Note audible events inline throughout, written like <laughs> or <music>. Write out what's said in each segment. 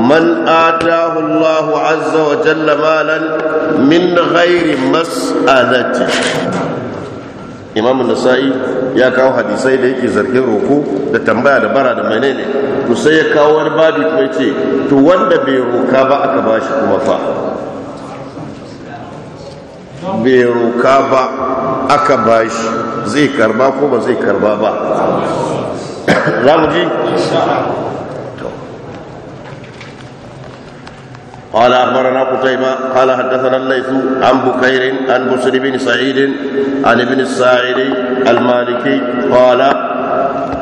من آتاه الله عز وجل مالا من غير مسألة imam nasa'i ya kawo hadisai da yake zargin roko da tambaya da bara da menene to sai ya kawo wani babu kuma ya ce to wanda bai roka ba aka bashi kuma fa bai roka ba aka bashi zai karba ko ba zai karba ba za mu ji قال اخبرنا قتيبه قال حدثنا الليث عن بكير عن بشر بن سعيد عن ابن الساعدي المالكي قال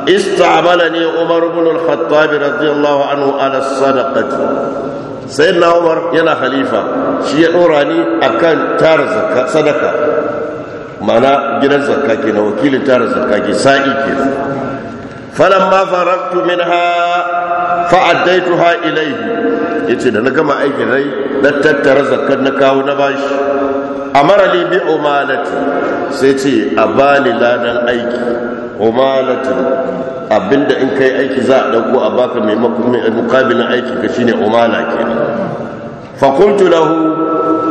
استعملني عمر بن الخطاب رضي الله عنه على الصدقه سيدنا عمر يلا خليفه شيء اوراني اكن تار صدقه معنى جنان زكاه كنا وكيل تار زكاه سائي كنا فلما فرغت منها ha'ilaihi, ilaihi ce da na gama aikin rai na tattara zakar na kawo na bashi A marali bi umalati sai ce a ni ladan aiki umalati abinda in kai aiki za a a baka mai mukabilin aiki ka shine umala ke. fakuntu lahu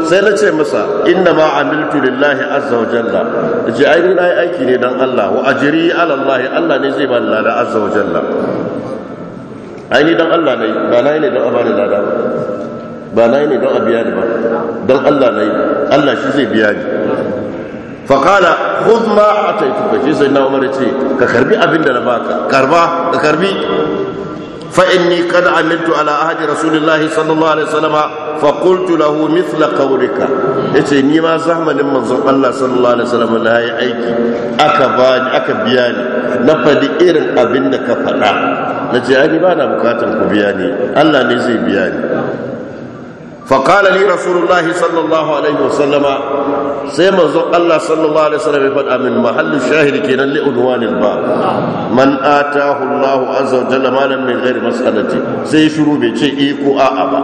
sai na ce masa inna ma amiltu lillahi azza wa jalla da ce aiki ne don Allah wa ajiri alallahi Allah ne zai bani ladan azza wa jalla ai ni don Allah na yi ba na yi ne don a bani lada ba ba na yi ne don a biya ni ba don Allah na yi Allah shi zai biya ni faƙala ma ka shi sai na umar ce ka karbi abin da na baka karba ka karbi fa inni ala ahdi rasulillahi sallallahu alaihi wasallam fa qultu lahu mithla qawlika yace ni ma zamanin manzon Allah sallallahu alaihi wasallam na yi aiki aka bani aka biya ni na fadi irin abin da ka faɗa na ce ba na bukatar ku biya ni Allah ne zai biya ni فقال لي رسول الله صلى الله عليه وسلم سيما زق الله صلى الله عليه وسلم يفدأ من محل الشاهد كنا لعنوان الباب من آتاه الله عز وجل مالا من غير مسألته سيشرو a'a ba.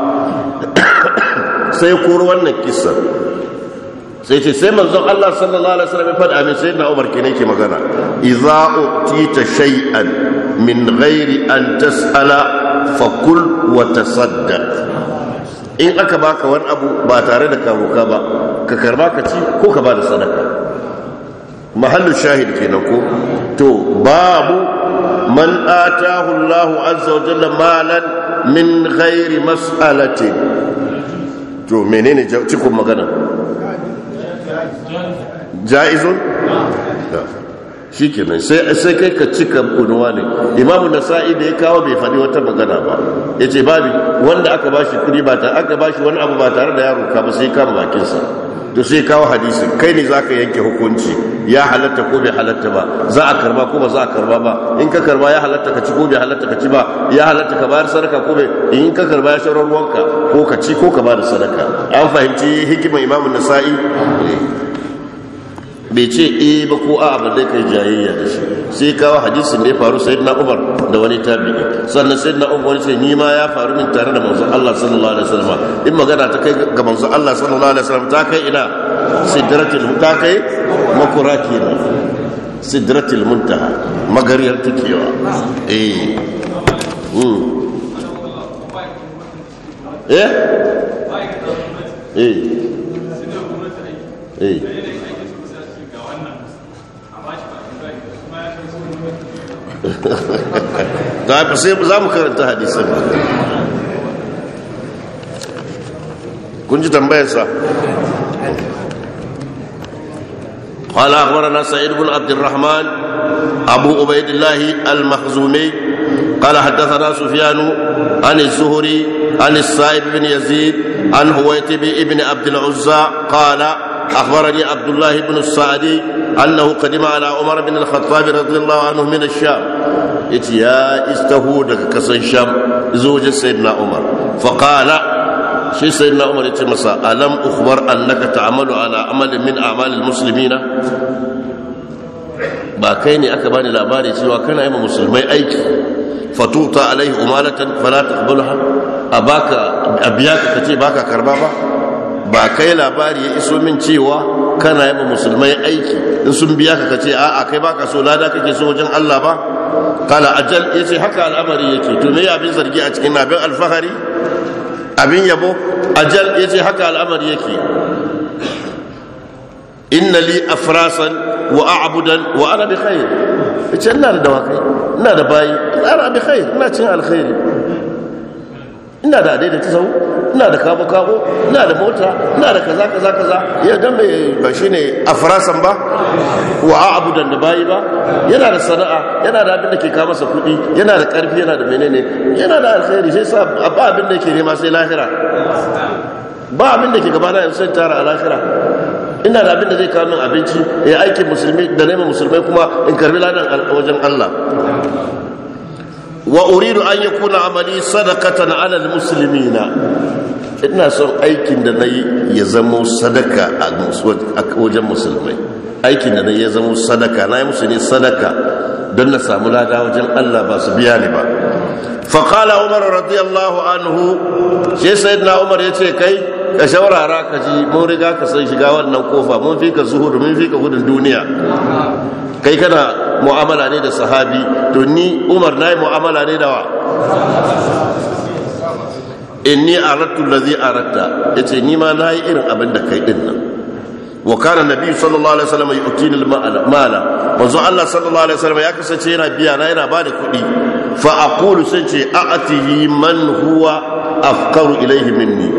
<coughs> Sai koro wannan kissa sai ce sai manzon Allah sallallahu alaihi wasallam ya faɗa min sai na Umar kenan ke magana idza utita shay'an min ghairi an tas'ala fakul wa tasaddaq in aka baka wani abu ba tare da karoka ba ka karba ka ci ko ka bada sadaka mahallu shahid kenan ko to babu man atahu Allahu azza wa jalla malan min ghairi mas'alatin to menene cikin magana jaizun shi kenan sai kai ka cika kunuwa ne imamu nasa'i da ya kawo bai faɗi wata magana ba ya ce babi wanda aka ba shi kuri ba aka ba shi wani abu ba tare da yaro ka ba sai kama bakinsa to sai kawo hadisi kai ne za ka yanke hukunci ya halatta ko bai halatta ba za a karba ko ba za a karba ba in ka karba ya halatta ka ci ko bai halatta ka ci ba ya halatta ka bayar sadaka ko bai in ka karba ya shawarar ruwanka ko ka ci ko ka ba da sadaka an fahimci hikimar imamu nasa'i bai ce e ba ko a ba dai kai jayayya da shi sai kawo hadisin da ya faru sai na Umar da wani tabi'i sannan sai na Umar ce ni ma ya faru min tare da manzon Allah sallallahu alaihi wasallam in magana ta kai ga manzon Allah sallallahu alaihi wasallam ta kai ina sidratul ta kai makura ne sidratul muntaha magariyar tukewa eh hmm. eh eh eh da haka sai za mu karanta hadisan kun ji tambayarsa قال أخبرنا سعيد بن عبد الرحمن أبو عبيد الله المخزومي قال حدثنا سفيان عن الزهري عن السائب بن يزيد عن هويتب بن عبد العزى قال أخبرني عبد الله بن السعدي أنه قدم على عمر بن الخطاب رضي الله عنه من الشام يا استهودك كسن شام زوج سيدنا عمر فقال شي سيدنا عمر يتمسى ألم أخبر أنك تعمل على عمل من أعمال المسلمين ba kai ne aka bani labari cewa kana yi musulmai aiki fatuta alaihi umaratan fala taqbalha a baka a biya ka kace baka karba ba ba kai labari ya iso min cewa kana yaba musulmai aiki in sun biya ka kace a'a kai baka so lada kake so wajen Allah ba kala ajal yace haka al'amari yake to me abin zargi a cikin abin alfahari abin yabo ajal yace haka al'amari yake inna li afrasan wa a'budan wa ana bi khair ce ina da dawakai ina da bayi ina bi khair ina cin alkhairi ina da ta sau ina da kabo-kabo ina da mota ina da kaza kaza kaza ya dan mai ba shi ne a farasan ba wa abu da bayi ba yana da sana'a yana da abin da ke kama sa kuɗi yana da ƙarfi yana da menene yana da alkhairi sai sa ba abin da ke nema sai lahira ba abin da ke gaba na sai tara a lahira ina da abin da zai kawo min abinci ya aikin musulmi da neman musulmai kuma in karbi ladan wajen allah wa uridu an kuna amali sadaqatan ala na. ina son aikin da yi ya zama sadaka a wajen musulmai aikin da yi ya zama sadaka nayi musu ne sadaka don na samu lada wajen Allah ba su biya ni ba fa umar radiyallahu anhu sai sayyidina umar ce kai ka shaurara ka ji mun riga ka san shiga wannan kofa mun fi ka zuhudu mun fi ka gudun duniya kai kana mu'amala ne da sahabi to ni umar na yi mu'amala ne da wa inni arattu allazi aratta yace ni ma na yi irin abin da kai din nan wa kana nabi sallallahu alaihi wasallam yu'tini al-mala manzo Allah sallallahu alaihi wasallam ya kasance yana biya na yana da kuɗi fa a aqulu sai ce a'tihi man huwa afqaru ilayhi minni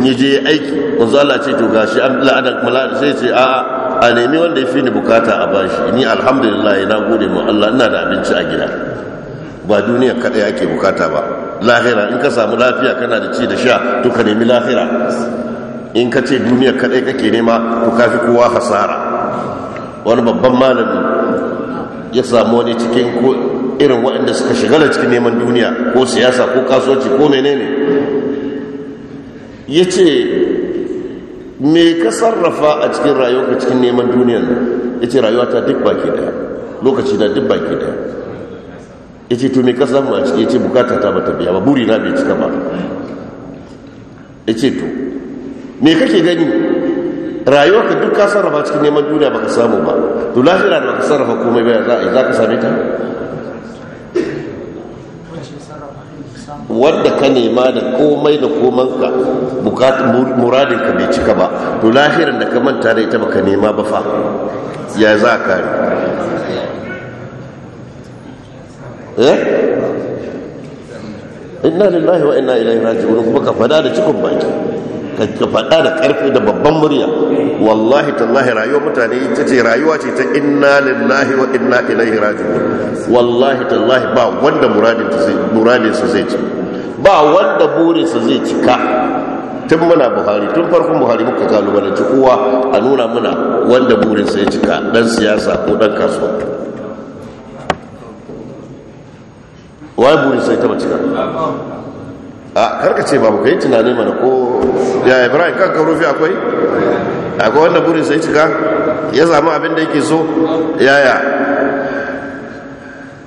ni je aiki manzo Allah ce to gashi an la'ada mala'ika sai ce a'a a nemi wanda ya fi ni bukata a bashi ni alhamdulillah na gode mu Allah ina da abinci a gida ba duniya kadai ake bukata ba lahira in ka samu lafiya kana da ci da sha to ka nemi lahira in ka ce duniya kadai kake nema to ka fi kowa hasara wani babban malami ya samu wani cikin ko irin waɗanda suka da cikin neman duniya ko siyasa ko kasuwanci ko menene ya ce me ka sarrafa a cikin rayuwa cikin neman duniyan nan ya ce rayuwa ta duk baki daya lokaci na duk baki daya ya ce to me ka samu a ciki ya ce bukata ta bata biya ba buri na bai cika ba ya ce to me kake gani rayuwa ka duk ka sarrafa cikin neman duniya baka samu ba to lafiya da baka sarrafa komai ba za a yi za ka same ta wadda ka nema da komai da komanka muradin ka bai cika ba to lahirin da ka manta da ita baka nema ba fa ya za ka ne eh inna lillahi wa inna ilaihi raji'un kuma ka fada da cikin baki ka faɗa da ƙarfi da babban murya wallahi tallahi rayuwar mutane ita ce rayuwa ce ta inna lillahi wa inna ilaihi raji'un wallahi tallahi ba wanda muradin su zai ci ba wanda burinsa zai cika tun muna buhari tun farkon buhari muka kalubalanci kowa a nuna muna wanda burinsa ya cika dan siyasa ko dan kasuwa wa burinsa ya taba cika a karkace ba mu kai tunanin mana ko ya ibrahim kan rufi akwai akwai wanda burinsa ya cika ya zama abin da yake so yaya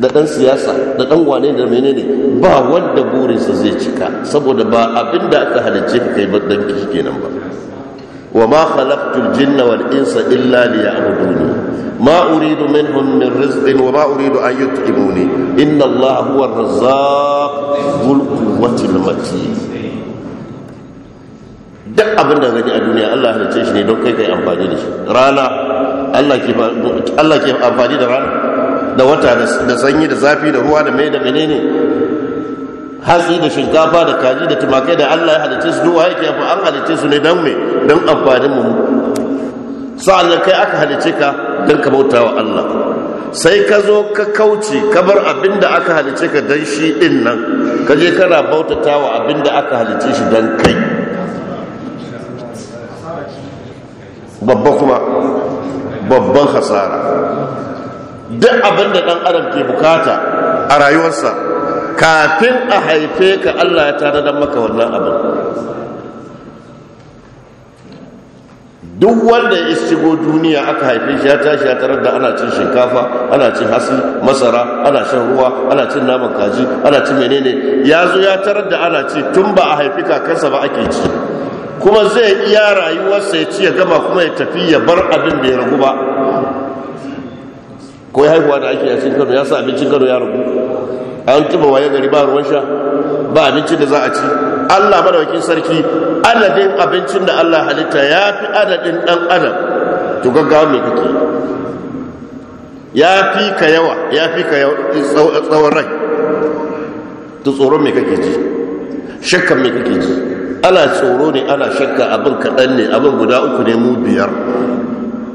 da ɗan siyasa da ɗan wane da menene ba wanda burinsa zai cika saboda ba abin da aka halarci ka kai don kishi kenan ba wa ma khalaqtul jinna wal insa illa liya'buduni ma uridu minhum min rizqin wa ma uridu an yut'imuni inna Allah huwa ar-razzaq dhul quwwati matin duk abin da gani a duniya Allah halicce shi ne don kai kai amfani da shi rana Allah ke amfani da rana da wata da sanyi da zafi da ruwa da mai da menene hatsi da shinkafa da kaji da tumakai da Allah ya halitta su duwa yake yafi an halitta su ne don me don amfanin mu sa'an kai aka halitta ka don ka bauta wa Allah sai ka zo ka kauce ka bar abin da aka halitta ka don shi din nan ka je kana bautata wa abin da aka halitta shi don kai babba kuma babban hasara duk abin da ɗan adam ke bukata a rayuwarsa kafin a haife ka allah ya tare da maka wannan abin duk wanda ya shigo duniya aka haife shi ya tashi ya tarar da ana cin shinkafa ana cin hasi masara ana shan ruwa ana cin naman kaji ana cin menene ya zo ya tarar da ana ci tun ba a haifi kakansa ba ake ci kuma zai iya rayuwarsa ya ci ya gama kuma ya tafi ya bar abin da ya ragu ba ko haihuwa da ake cikin kano ya sa abincin kano ya ragu an kiba waye gari ba ruwan sha ba abincin da za a ci allah madawakin sarki adadin abincin da allah halitta ya fi adadin dan adam to gaggawa mai kake ya fi ka yawa ya fi ka tsawon rai to tsoron mai kake ji shakkan mai kake ji ana tsoro ne ana shakka abin kaɗan ne abin guda uku ne mu biyar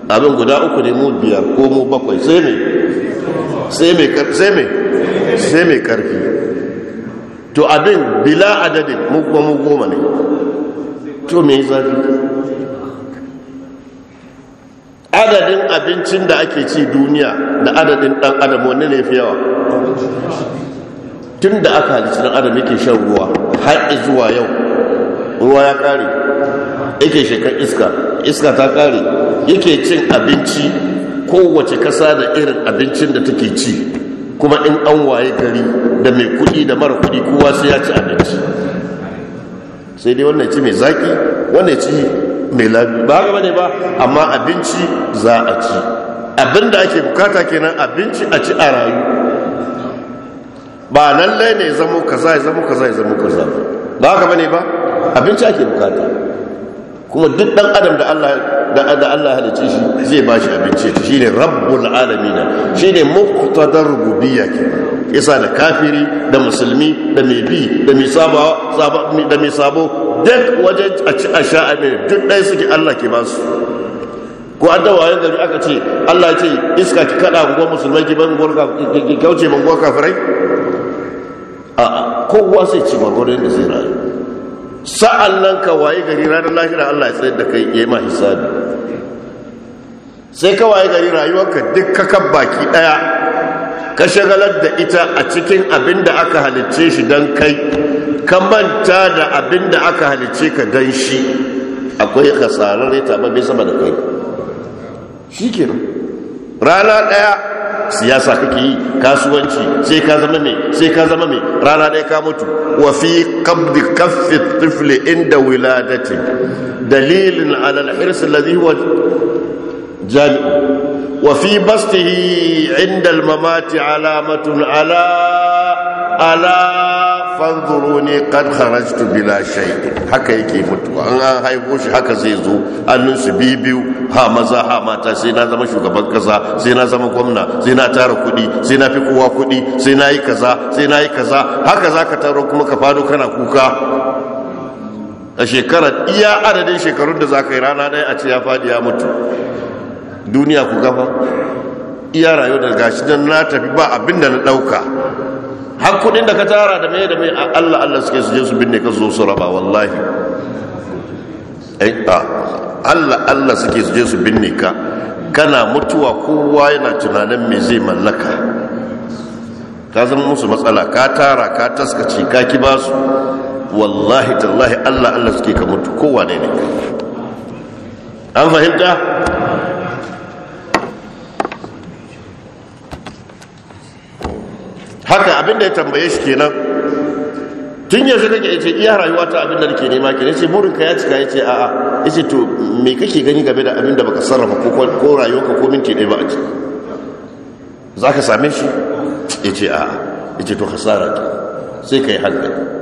abin guda uku ne mu biyar ko mu bakwai sai mai sai mai sai mai karfi to abin bila adadin mu kuma mu goma ne to mai zafi adadin abincin da ake ci duniya da adadin dan adam wanne ne fi yawa tun da aka halittu dan adam yake shan ruwa har zuwa yau ruwa ya kare yake shekar iska iska ta kare yake cin abinci kowace kasa da irin abincin da take ci kuma in an waye gari da mai kudi da mara kudi kowa sai ya ci abinci sai dai wannan ci mai zaki wannan ci mai labi ba gaba ne ba amma abinci za a ci abin da ake bukata kenan abinci a ci a rayu ba lallai ne zamo kaza ya zamo kaza ya zamo kaza ba gaba ne ba abinci ake bukata kuma duk dan adam da Allah da Allah halice shi zai ba shi abinci ta ne rabbul shi ne muqtadar rububiyya ke yasa da kafiri da musulmi da mai bi da mai sabo da mai sabo duk wajen a ci a sha abin duk dai suke Allah ke ba su ko an dawa yanda aka ce Allah ya ce iska ki kada unguwar musulmai ki ban gorka ki kauce ban gorka farai a kowa sai ci gorin da zai rayu sa'an nan ka waye gari ranar lahira Allah ya tsaye da kai ya yi ma hisabi sai ka waye gari rayuwarka duk kakan baki ɗaya ka shagalar da ita a cikin abin da aka halicce shi don kai ka manta da abin da aka halicce ka don shi akwai kasarar ya taɓa bai sama da kai shi rana ɗaya siyasa kake yi kasuwanci sai ka zama mai sai ka zama mai rana ɗaya ka mutu wa fi qabdi kaffi tifli inda wiladati dalilin ala al-hirs huwa jami'u wa fi bastihi inda al-mamati alamatun ala ala fanzuru ne kan kharajtu bila shay haka yake mutuwa an an haifo shi haka zai zo annun su biyu ha maza ha mata sai na zama shugaban kasa sai na zama gwamna sai na tara kudi sai na fi kowa kudi sai na yi kaza sai na yi kaza haka zaka taro kuma ka fado kana kuka a shekarar iya adadin shekarun da zaka yi rana ɗaya a ce ya fadi ya mutu duniya ku gaba iya rayuwar da gashi dan na tafi ba abin da na ɗauka har kudin da ka tara da mai da mai Allah Allah suke su je su binne ka zo su raba wallahi eh, Allah Allah suke su je su binne ka kana mutuwa kowa yana tunanin me zai mallaka ka zama musu matsala ka tara ka taskace ka ki ba su wallahi tallahi Allah Allah suke ka mutu kowa ne ne an fahimta haka abin da ya tambaye shi kenan tun yanzu kake ce iya rayuwa ta abinda da nake nema kenan yace burin ka ya cika yace a'a yace to me kake gani game da abin da baka sarrafa ko ko rayuwarka ko minti ɗaya ba a za zaka same shi yace a'a yace to hasara ke sai kai hankali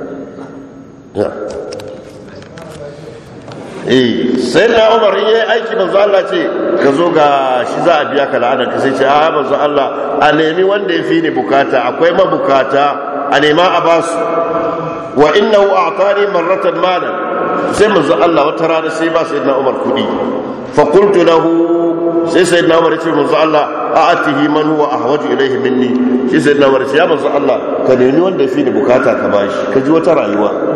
eh sai na umar in yi aiki manzo Allah ce ka zo ga shi za a biya ka la'ana ka sai ce a manzo Allah a nemi wanda ya fi ni bukata akwai ma bukata a nema a basu wa innahu a'tani marratan malan sai manzo Allah wata rana sai ba sayyidina Umar kudi fa qultu lahu sai sayyidina Umar ce manzo Allah a'atihi man huwa ahwaju ilayhi minni sai sayyidina Umar ce ya manzo Allah ka nemi wanda ya fi ni bukata ka bashi ka ji wata rayuwa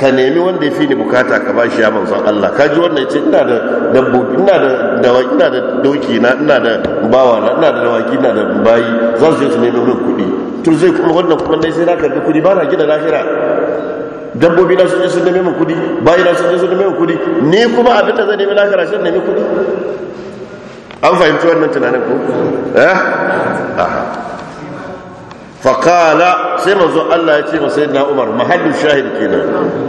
ka nemi wanda ya fi ni bukata ka ba shi ya manzon Allah ka ji wannan ce ina da dabbobi ina da dawa ina da doki na ina da bawa na ina da dawaki ina da bayi za su je su nemi min kuɗi to zai kuma wannan kuma dai sai na karbi kuɗi ba na gida lahira dabbobi na sun je sun nemi min kuɗi bayi na sun je sun nemi min kuɗi ni kuma abin da zan nemi lahira sai nemi kuɗi an fahimci wannan tunanin ko eh aha فقال سيما الله يتيم سيدنا عمر محل الشاهد كنا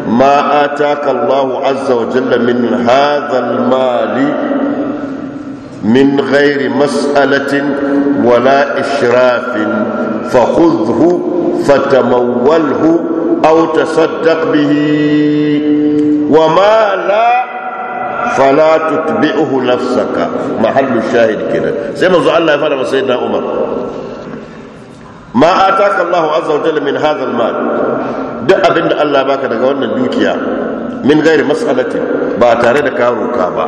ما آتاك الله عز وجل من هذا المال من غير مسألة ولا إشراف فخذه فتموله أو تصدق به وما لا فلا تتبعه نفسك محل الشاهد كده سيدنا ما الله يفعل سيدنا عمر ma ataka Allahu azza wa jalla min hadha al-mal duk abinda Allah baka daga wannan dukiya min gairi mas'alati ba tare da karo ka ba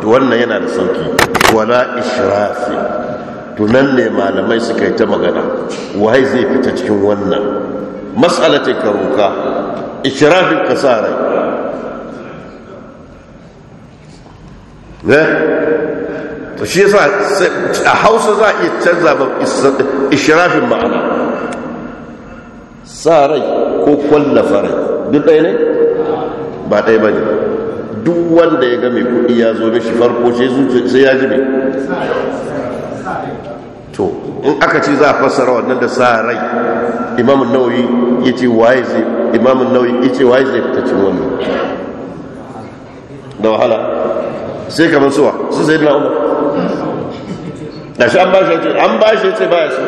to wannan yana da sauki wala israfi to nan ne malamai suka yi ta magana wai zai fita cikin wannan mas'alati ka roka israfin kasara ne eh? to shi yasa a hausa za a iya canza ba ishirafin ma'ana sa rai ko kwallafa rai duk ɗaya ne ba ɗaya ba ne duk wanda ya ga mai kuɗi ya zo mishi farko sai ya ji mai to in aka ce za a fassara wannan da sa rai imamun nauyi ya ce waye zai imamun nauyi ya ce waye zai fita cin wannan da wahala sai kamar suwa su sai na umar da shi an ba shi an ba shi ce ba ya so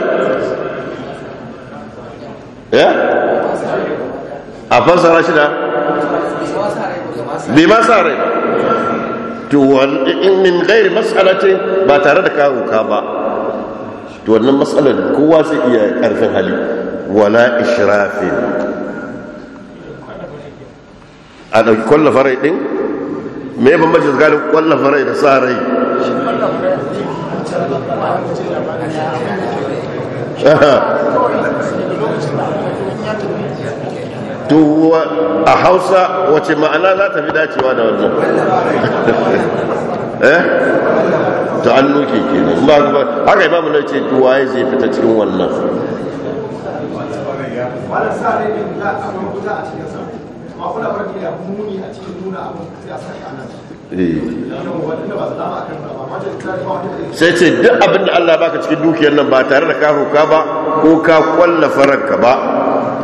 ya a fasara shi da bi ma sa rai to in min gairi mas'alatin ba tare da kawo ka ba to wannan matsalar kowa sai iya karfin hali wala israfin a ɗauki kwallafa rai ɗin me bambanci zagarin kwallafa rai da sa rai tuwa <laughs> a hausa wace ma'ana za ta fi dacewa da wannan <laughs> eh ta hannu ke kenan ba ba haka imamu na ce tuwa ya zai fita cikin wannan Eh. sai ce duk abin da Allah baka cikin dukiyar nan ba tare da ka roka ba ko ka kwallafa ranka ba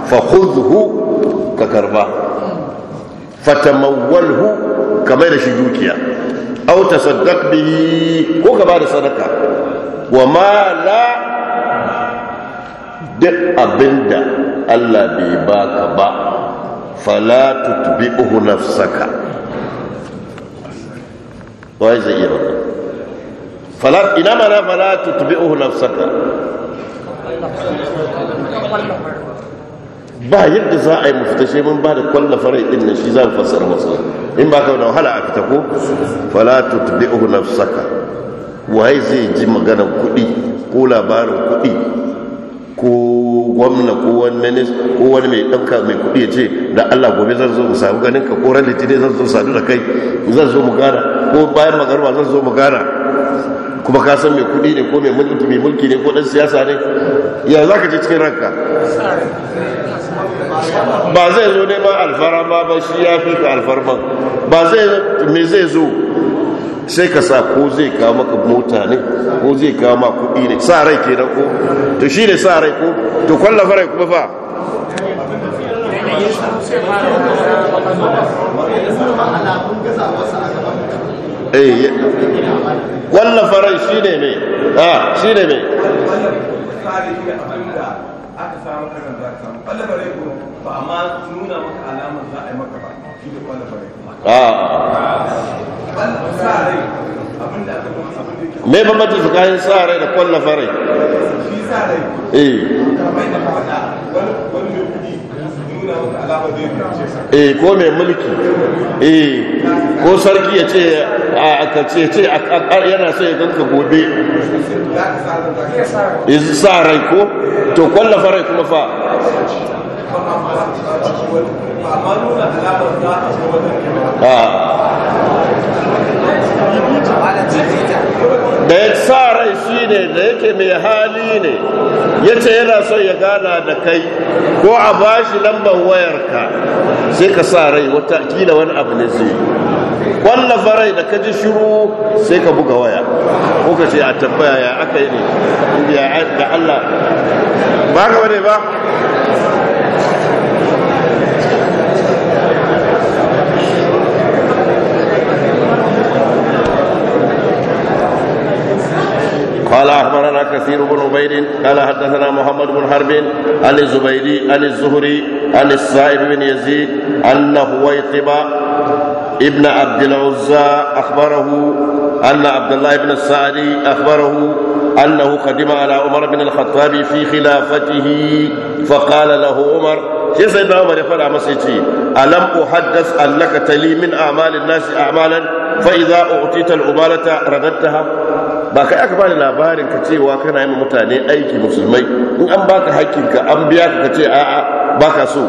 fa khudhu ka karba fatamawwalhu kamar da shi dukiya aw tasaddaq bihi ko ka ba da sadaka wa ma la duk abin da Allah bai baka ba fala tutbi'uhu nafsaka wai zai iya wannan fala ina mana fala tutbi'uhu nafsaka ba yadda za a yi mu fita mun ba da kwalla farai din shi za mu fassara wasu in ba ka wani wahala a fita ko fala tutbi'uhu nafsaka wai zai ji maganar kuɗi ko labarin kuɗi ko gwamna ko wani minista ko wani mai ɗauka mai kuɗi ya ce da allah gobe zan zo mu samu ganin ka ko ran litinin zan zo sadu da kai zan zo mu gara ko bayan magarba zan zo mu gara kuma ka san mai kuɗi ne ko mai mulki ne ko ɗan siyasa ne ya za ka ce cikin ranka ba zai zo ba alfarama ba shi ya fi ka alfarma ba zai me zai zo sai ka sa ko zai kawo maka mota ne ko zai kawo ma kuɗi ne sa rai kenan ko to shi ne sa rai ko to kwallafa rai kuma fa eh, wallafa rai shi ne mai ah, shi ne mai aka sa maka ran za ka samu kwalabare ko ba amma nuna maka alamar za a yi maka ba shi da kwalabare ah. sa rai abinda aka kuma abinda ke me bambanci tsakanin sa rai da kwallafare shi sa rai eh kamar da faɗa wani mai kuɗi eh ko mai mulki eh ko sarki ya ce a kace ce yana sai ya ganka gobe yanzu sa rai ko to kwallafa rai kuma fa ah. a da ya sa rai shi ne da yake mai hali ne ya ce yana son ya gana da kai ko a ba shi lambar wayarka sai ka sa rai wata kila wani abu ne zai wallafa rai da ka ji shiru sai ka buga waya ko ka ce a tabbaya ya aka yi ne da Allah ba ka wane ba قال اخبرنا كثير بن عبيد قال حدثنا محمد بن حرب عن الزبيدي عن الزهري عن السائب بن يزيد ان هويطب ابن عبد العزى اخبره ان عبد الله بن السعدي اخبره انه قدم على عمر بن الخطاب في خلافته فقال له عمر shi sai da Umar ya fada masa yace alam uhaddas annaka tali min a'mal an-nas a'malan fa idza u'tita al-ubalata radattaha ba kai aka bani labarin ka cewa kana yi mutane aiki musulmai in an baka hakkinka an biya ka ce a'a baka so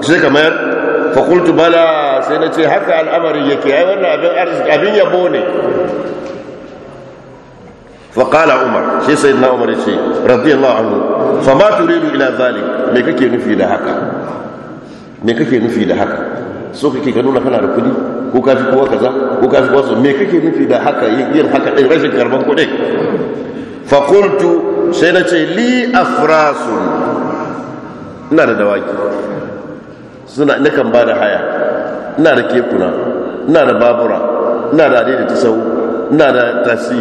sai ka mayar fakultu bala sai na ce haka al'amarin yake ai wannan abin arziki abin yabo ne faƙala umar sai sai na umar ce radiyallahu anhu fa ma turidu ila zalik me kake nufi da haka me kake nufi da haka so kake ka nuna kana da kuɗi ko ka fi kowa kaza ko ka fi kowa su me kake nufi da haka yin haka ɗin rashin karban kuɗi fakultu sai na ce li afrasu ina da dawaki suna kan ba da haya ina da kekuna ina da babura ina da adai da tasawu ina da tasi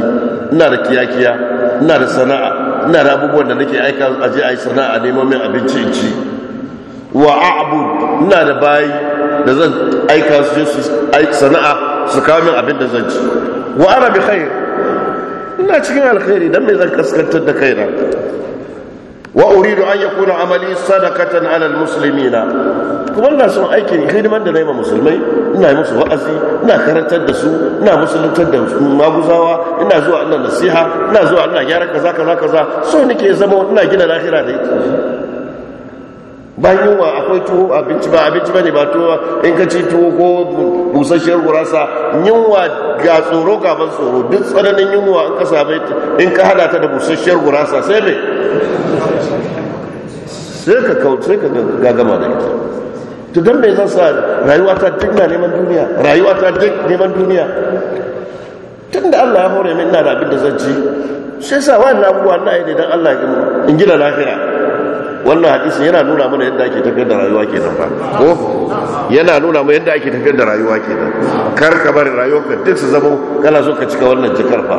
ina da kiyakiya ina da sana'a ina da abubuwan da nake aika aje a yi sana'a neman min abinci ci wa a'bud ina da bayi da zan aika su je su sana'a su kamin abin da zan ci wa ana bi khair ina cikin alkhairi dan me zan kaskantar da kaina wa uridu an yakuna amali sadaqatan ala almuslimina kuma ina son aikin hidimar da nayi ma musulmai ina musu wa'azi ina karantar da su ina musuluntar da maguzawa ina zuwa ina nasiha ina zuwa ina gyara kaza kaza kaza so nake zama ina gina lahira da ita bayan yunwa akwai tuwo abinci ba abinci ba ne ba tuwo in ka ci tuwo ko busasshiyar gurasa yunwa ga tsoro gaban tsoro duk tsananin yunwa in ka same in ka hada ta da busasshiyar gurasa sai mai sai ka kawo sai ka gagama da ita to don mai zan sa rayuwa ta duk na neman duniya rayuwa ta duk neman duniya tun da allah ya hore min na da abin da zan ci shi sa na abubuwa na yi ne don allah ya gina lafiya wannan hadisin yana nuna mana yadda ake tafiyar da rayuwa kenan ba ko yana nuna mana yadda ake tafiyar da rayuwa kenan kar ka bari rayuwarka duk su zama kana so ka cika wannan jikar fa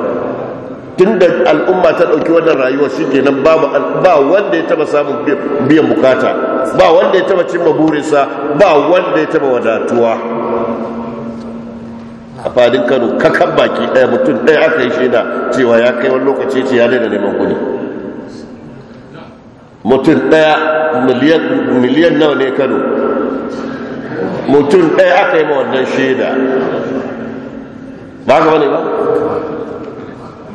tunda al'umma ta dauki wannan rayuwa shikenan babu ba wanda ya taba samun biyan bukata ba wanda ya taba cimma burinsa ba wanda ya taba wadatuwa a fadin Kano kakan baki ɗaya mutum ɗaya aka yi shaida cewa ya kai wani lokaci ce ya daina neman kuɗi mutum ɗaya miliyan nawa ne kano mutum ɗaya aka yi ma wannan shaida ba ka wani ba?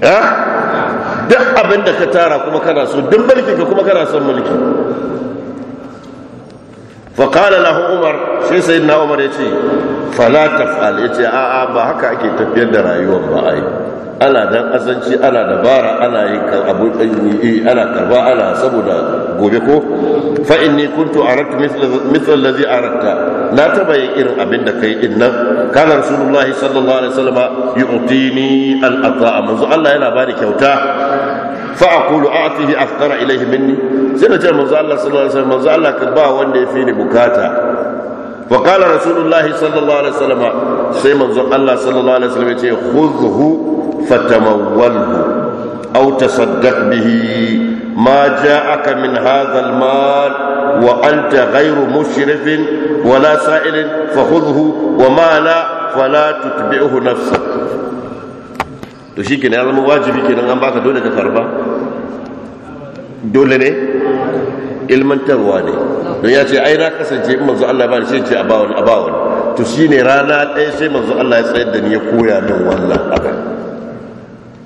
ya? Eh? duk abin da ka tara kuma kana so duk mulki ka kuma kana son mulki faƙala lahu umar shi sai na umar ya ce fala ya ce a'a ba haka ake tafiyar da rayuwar ba a ana dan azanci ana dabara ana yi abu eh, ana karba ana saboda gobe ko fa inni kuntu aradtu mithla alladhi aradta na taba yin irin abin da kai din nan kana rasulullahi sallallahu alaihi wasallam yu'tini al-ata'a manzo Allah yana bani kyauta fa aqulu a'tihi afqara ilayhi minni sai da ce manzo Allah sallallahu alaihi wasallam manzo Allah ka ba wanda ya fi ni bukata فقال رسول الله صلى الله عليه وسلم سيما الله صلى الله عليه وسلم خذه فتموله أو تصدق به ما جاءك من هذا المال وأنت غير مشرف ولا سائل فخذه وما لا فلا تتبعه نفسك to shi kenan ya zama wajibi kenan an baka dole ka karba dole ne ilmantarwa ne don ya ce ai na kasance in manzo Allah ba sai ce a bawon to shine rana ɗaya sai manzo Allah ya tsayar da ni ya koya min wannan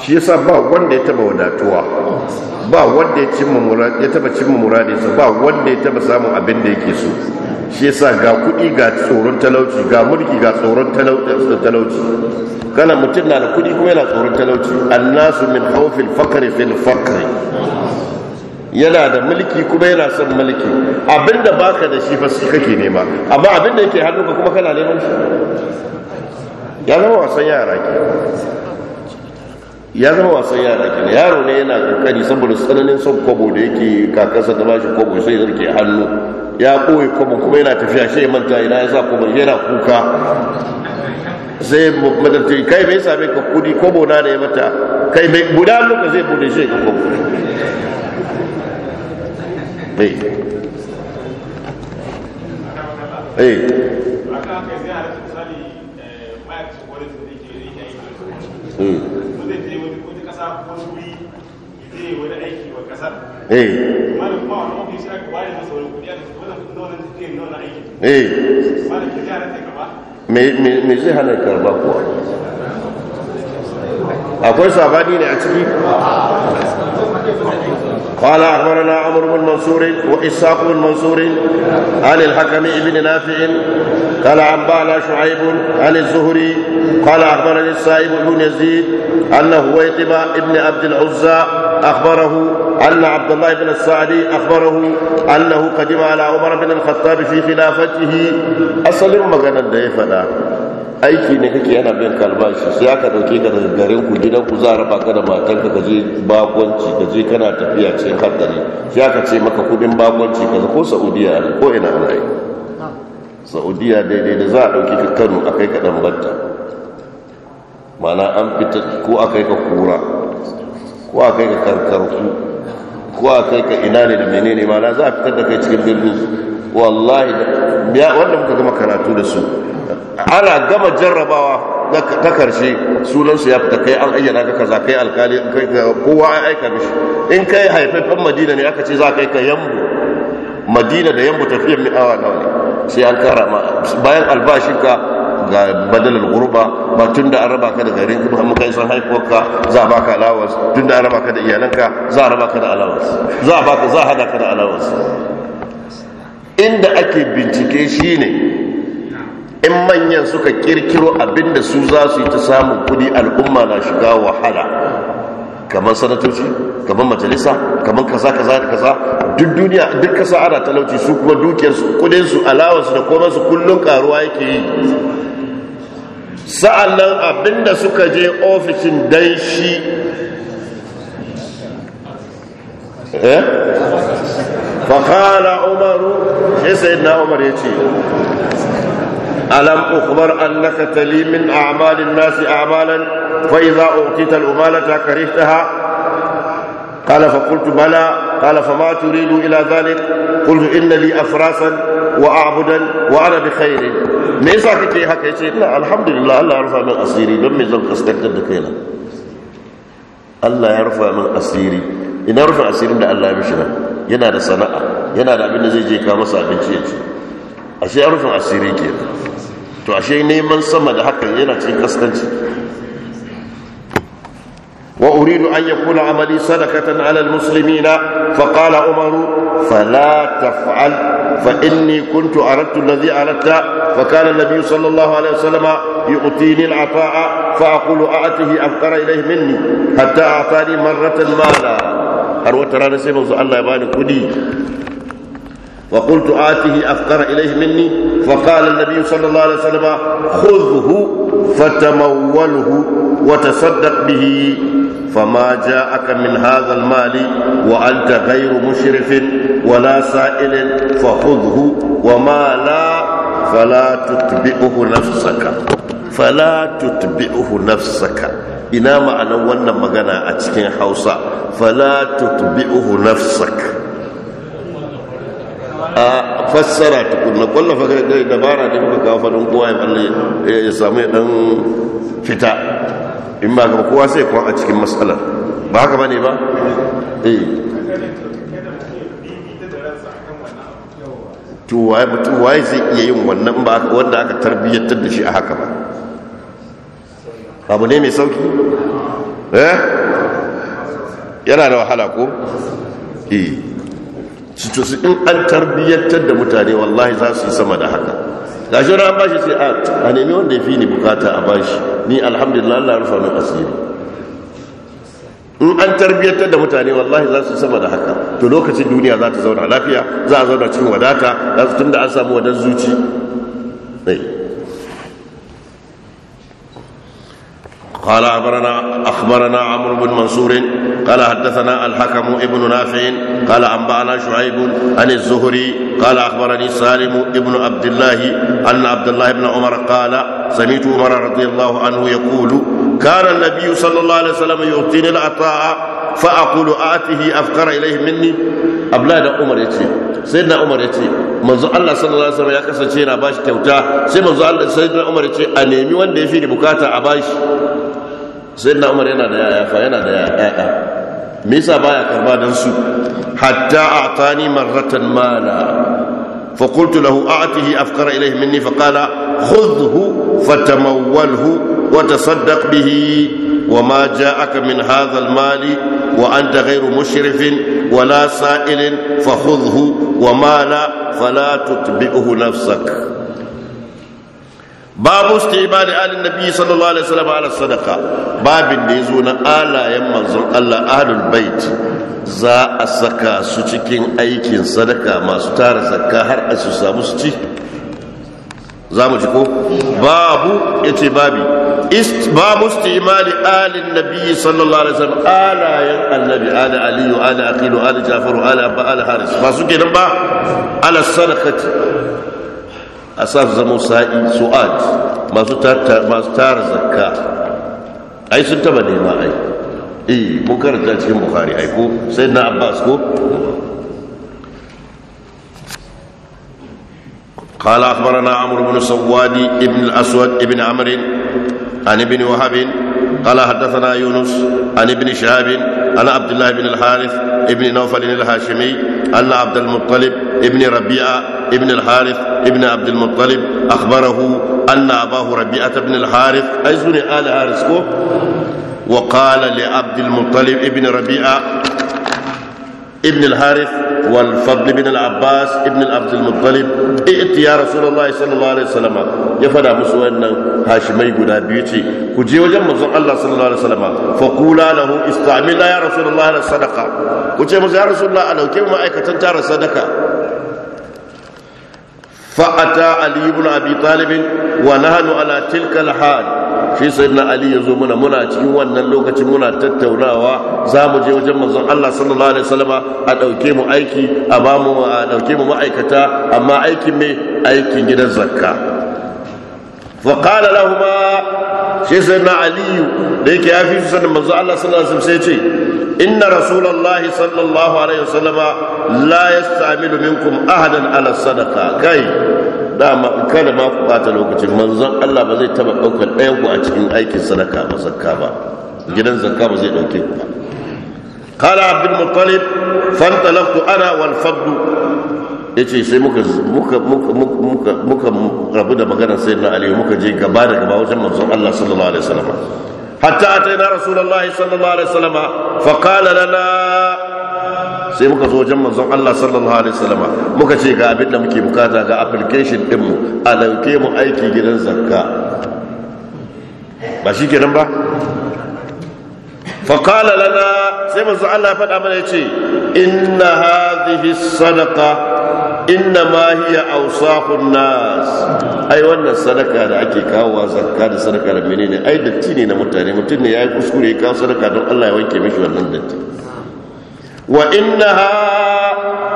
shi yasa ba wanda ya taba wadatuwa ba wanda ya cimma muradi ya taba cimma muradi ba wanda ya taba samun abin da yake so shi yasa ga kuɗi ga tsoron talauci ga mulki ga tsoron talauci kana mutum na da kuɗi kuma yana tsoron talauci annasu min khawfil faqri fil fakari. yana da mulki kuma yana son mulki abinda baka da shi fa shi kake nema amma abinda yake hannunka kuma kana neman shi ya zama wasan yara ke ya zama wasan yara ke yaro ne yana kankani saboda tsananin son kwabo da yake kakansa ta bashi kwabo sai ya rike hannu ya koyi kwabo kuma yana tafiya shi ya manta ina ya sa kwabo yana kuka sai madantai kai mai same ka kudi kwabo na da ya mata kai mai guda muka zai bude shi ka kwabo eh zai hana karba kuwa akwai sabani ne a ciki قال أخبرنا عمرو بن منصور وإسحاق بن منصور عن الحكم بن نافع قال أنبأنا شعيب عن الزهري قال أخبرني السائب بن يزيد أن هويتم بن عبد العزى أخبره أن عبد الله بن السعدي أخبره أنه قدم على عمر بن الخطاب في خلافته أصل مكان الديفنا aiki ne kake yana bin kalbashi sai aka dauke ka daga garin ku gidan ku za a raba ka da matan ka je bakonci ka je kana tafiya cikin haddari sai aka ce maka kudin bakonci ka ko saudiya ko ina ana yi saudiya daidai da za a dauke ka kano a kai ka dan batta mana an fita ko a kai ka kura ko a kai ka karkarku ko a kai ka ina ne da menene mana za a fitar da kai cikin birni wallahi wanda muka gama karatu da su ana gama jarrabawa na karshe sunansu ya fita kai an ayyana ka kaza kai alkali kowa an aika mishi in kai haifafen madina ne aka ce za kai ka yambu madina da yambu tafiyar min awa nawa ne sai an kara ma bayan albashinka ga badalar gurba ba tun da an raba ka da garin mukai san ka za a baka alawas tun da an raba ka da iyalanka za a raba ka da alawas za a baka za a hada ka da alawas inda ake bincike shine in manyan suka kirkiro abinda su za su yi ta samun kudi al'umma na shiga wahala kamar sanatoci kamar majalisa kamar kaza kaza da kaza duk duniya duk kasa ana talauci su kuma dukiyarsu kudinsu alawarsu da su kullum karuwa yake yi sa'an nan abinda suka je ofishin dan shi eh? fakala umaru sai sayi na umar ya ce ألم أخبر أنك تلي من أعمال الناس أعمالا فإذا أعطيت الأمالة كرهتها قال فقلت بلى قال فما تريد إلى ذلك قلت إن لي أفراسا وأعبدا وأنا بخير me yasa kake haka yace ina alhamdulillah Allah ya rufa min asiri don me zan kaskantar da kaina Allah ya rufa min asiri ina rufa asirin da Allah ya mishi nan yana da sana'a yana da abin da zai je ka masa abinci ce asiri kenan to ashe neman sama da haka yana cikin kastanci wa uridu an yakuna amali sadakatan ala almuslimina fa qala umaru fala taf'al fa inni kuntu aradtu alladhi aradta fa kana nabiy sallallahu alayhi wasallam yu'tini al'ata'a fa aqulu a'tihi afqara ilayhi minni hatta a'tani marratan mala har wata rana sai manzo Allah ya bani kuɗi. وقلت آته أفقر إليه مني فقال النبي صلى الله عليه وسلم خذه فتموله وتصدق به فما جاءك من هذا المال وأنت غير مشرف ولا سائل فخذه وما لا فلا تتبعه نفسك فلا تتبعه نفسك إنما أنا وانا مغنى أتكين حوصا فلا تتبعه نفسك a fassara tukunna kwallon fagagari dabara da kuka kawo faɗin kowa ya falle ya samu ya ɗan fita in ba ga kowa sai kwan a cikin matsalar ba haka ba ne ba? Eh. tuwaye mutum zai iya yin wannan ba wanda aka tarbiyyantar da shi a haka ba abu ne mai sauki eh yana da wahala ko? eh to su in an tarbiyyantar da mutane wallahi za su yi sama da haka gashi na an bashi sai a nemi wanda ya fi ni bukata a bashi ni alhamdulillah Allah rufa min asiri in an tarbiyyantar da mutane wallahi za su yi sama da haka to lokacin duniya za ta zauna lafiya za a zauna cikin wadata za su tunda an samu wadan zuci قال أخبرنا أخبرنا عمرو بن منصور قال حدثنا الحكم ابن نافع قال أنبأنا شعيب عن الزهري قال أخبرني سالم ابن عبد الله أن عبد الله بن عمر قال سمعت عمر رضي الله عنه يقول كان النبي صلى الله عليه وسلم يعطيني العطاء فأقول آته أفقر إليه مني abla da umar ya ce sai da umar ya ce manzo Allah sallallahu alaihi wasallam ya kasance yana bashi kyauta sai manzo Allah sai da umar ya ce a nemi wanda ya fi bukata a bashi sai na umar yana da yaya fa yana da yaya Misa baya karba dan su hatta atani marratan mala fa qultu lahu a'tihi afqara ilayhi minni fa qala khudhu fatamawwalhu wa tasaddaq bihi wa ma aka min hadha mali wa an ghayru mushrif wa wala sa'ilin fa khudhu wa mala fala tutbi'uhu nafsaka babu istibadi alin nabi sallallahu alaihi wasallam ala sadaka babin da yazo na alayen manzon Allah ahlul bait za a saka su cikin aikin sadaka masu tara zakka har a su samu su ci za mu ci ko babu ya ce babi babu istimali alin nabi sallallahu alaihi wasallam alayen annabi ala aliyu ala aqilu ala jafaru ala ba ala haris ba su kenan ba ala sadakati. a sa su zama sa'i su'ad masu tara zakka ai sun taba nema ai eh mun karanta cikin bukhari ai ko sai na abbas ko قال أخبرنا عمرو بن سواد بن الأسود بن عمرو عن ابن وهب قال حدثنا يونس عن ابن شهاب عن عبد الله بن الحارث ابن نوفل الهاشمي أن عبد المطلب ابن ربيعة ابن الحارث ابن عبد المطلب أخبره أن أباه ربيعة بن الحارث أيزني آل حارث وقال لعبد المطلب ابن ربيعة ابن الحارث والفضل بن العباس ابن عبد المطلب ائت يا رسول الله صلى الله عليه وسلم يا فدا مسو wannan hashimai guda biyu ce ku je wajen manzon Allah sallallahu fa qula lahu istamila ya rasul Allah ala sadaqa ku ce masa ya Allah alauke mu aikatan tara sadaka fa ata ali abi talib wa nahnu ala tilka hal shi sayyidina ali yazo muna muna cikin wannan lokacin muna tattaunawa za mu je wajen manzon Allah sallallahu alaihi wasallama a dauke mu aiki a ba mu a dauke mu ma'aikata amma aikin me aikin gidan zakka fa qala lahumu shi sayyidina ali da yake ya fi sanin manzon Allah sallallahu alaihi wasallam sai ce inna rasulullahi sallallahu alaihi wasallama la yasta'milu minkum ahadan ala sadaqa kai dama kada ma ku bata lokacin manzon Allah ba zai taba daukar ɗayan ku a cikin aikin sadaka ba zakka ba gidan zakka ba zai dauke ku ba qala abdul muttalib fantalaqtu ana wal yace sai muka muka muka muka rabu da maganar na ali muka je gaba da gaba wajen manzon Allah sallallahu alaihi wasallam hatta rasulullahi sallallahu alaihi wasallam fa lana sai muka zo wajen manzon Allah sallallahu alaihi wasallam muka ce ga abin da muke bukata ga application din mu a mu aiki gidan zakka ba shi kenan ba fa qala lana sai manzon Allah ya faɗa mana yace inna hadhihi sadaqa inna ma hiya awsaqun nas ai wannan sadaka da ake kawowa zakka da sadaka da menene ai datti ne na mutane mutum ne ya yi kuskure ya kawo sadaka don Allah ya wanke mishi wannan datti وإنها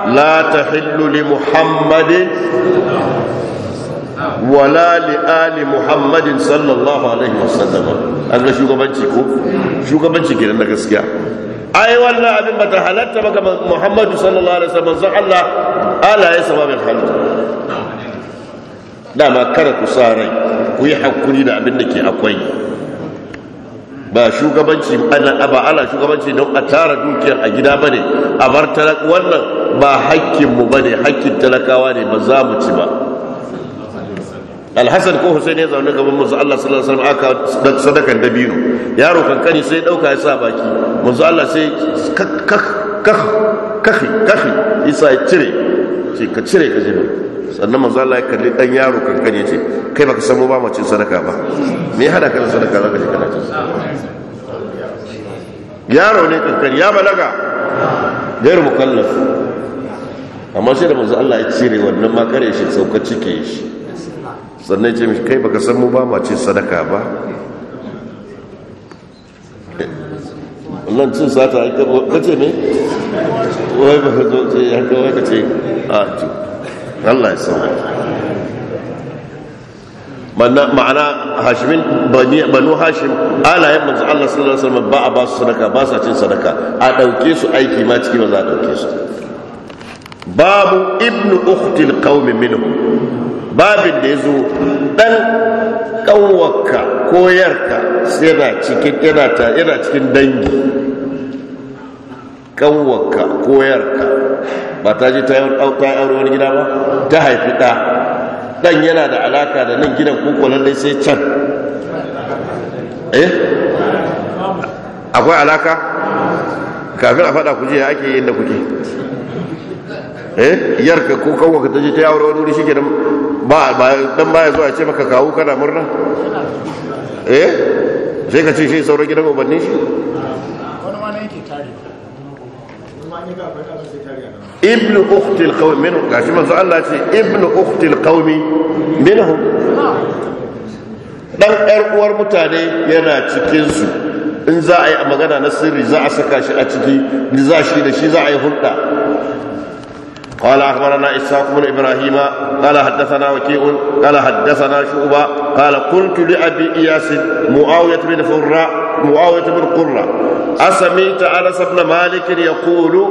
لا تحل لمحمد ولا لآل محمد صلى الله عليه وسلم أنا شو كبنتي كو شو كبنتي كده أنا كسكيا أي والله أبي بتحلت بقى محمد صلى الله عليه وسلم صلى الله على سبب الحمد دام كركوا صاري ويحكوا لنا أبنك أقوي ba shugabanci ba ala shugabanci don a tara dukiyar a gida bane a bar wannan ba hakkinmu bane hakkin talakawa ne ba za mu ci ba alhassan ko husaini ya zaune gaban manzo Allah sallallahu alaihi wasallam aka sadakan dabino yaro kankani sai dauka ya sa baki manzo Allah sai kakh isa cire sai ka cire ka jira sannan maza Allah ya kalli dan yaro kankan ya ce kai baka samu ba mace sadaka ba me ya hada kan sadaka zaka je kana cin yaro ne kankan ya balaga gairu mukallaf amma sai da manzo Allah ya cire wannan ma kare shi sauka cike shi sannan ce mishi kai baka samu ba mace sadaka ba wannan cin sata ya kace ne wai ba ka zo ce ya kawai ka ce a ah, Allah ya sauwa ma'ana hashimin banu hashim alayen manzo Allah sallallahu alaihi wasallam ba a ba su sadaka ba sa cin sadaka a dauke su aiki ma ciki ba za a dauke su babu ibnu ukhti qaumi minhum babin da yazo dan kawwaka koyarka da cikin yana ta yana cikin dangi kawwaka koyarka ba ta je ta yi aure wani gida ba ta haifi ɗa ɗan yana da alaka da nan gidan koko nan dai sai can eh akwai alaka kafin a faɗa kuje ake yin da kuke eh yarka ko kawwaka ta je ta yi aure wani wuri shi kenan ba dan baya zuwa ce maka kawo kana murna eh sai ka ce shi sauran gidan ubannin shi wani yake tare ibn ukhtil qaumi minhum gashi manzo Allah ce ibn ukhtil qaumi minhum dan yar uwar mutane yana cikinsu, in za a yi magana na sirri za a saka shi a ciki za shi da shi za a yi hulɗa قال اخبرنا اسحاق بن ابراهيم قال حدثنا وكيع قال حدثنا شعبه قال قلت لابي اياس معاويه بن فراء muawiya ibn qurra asamita anas ibn malik yaqulu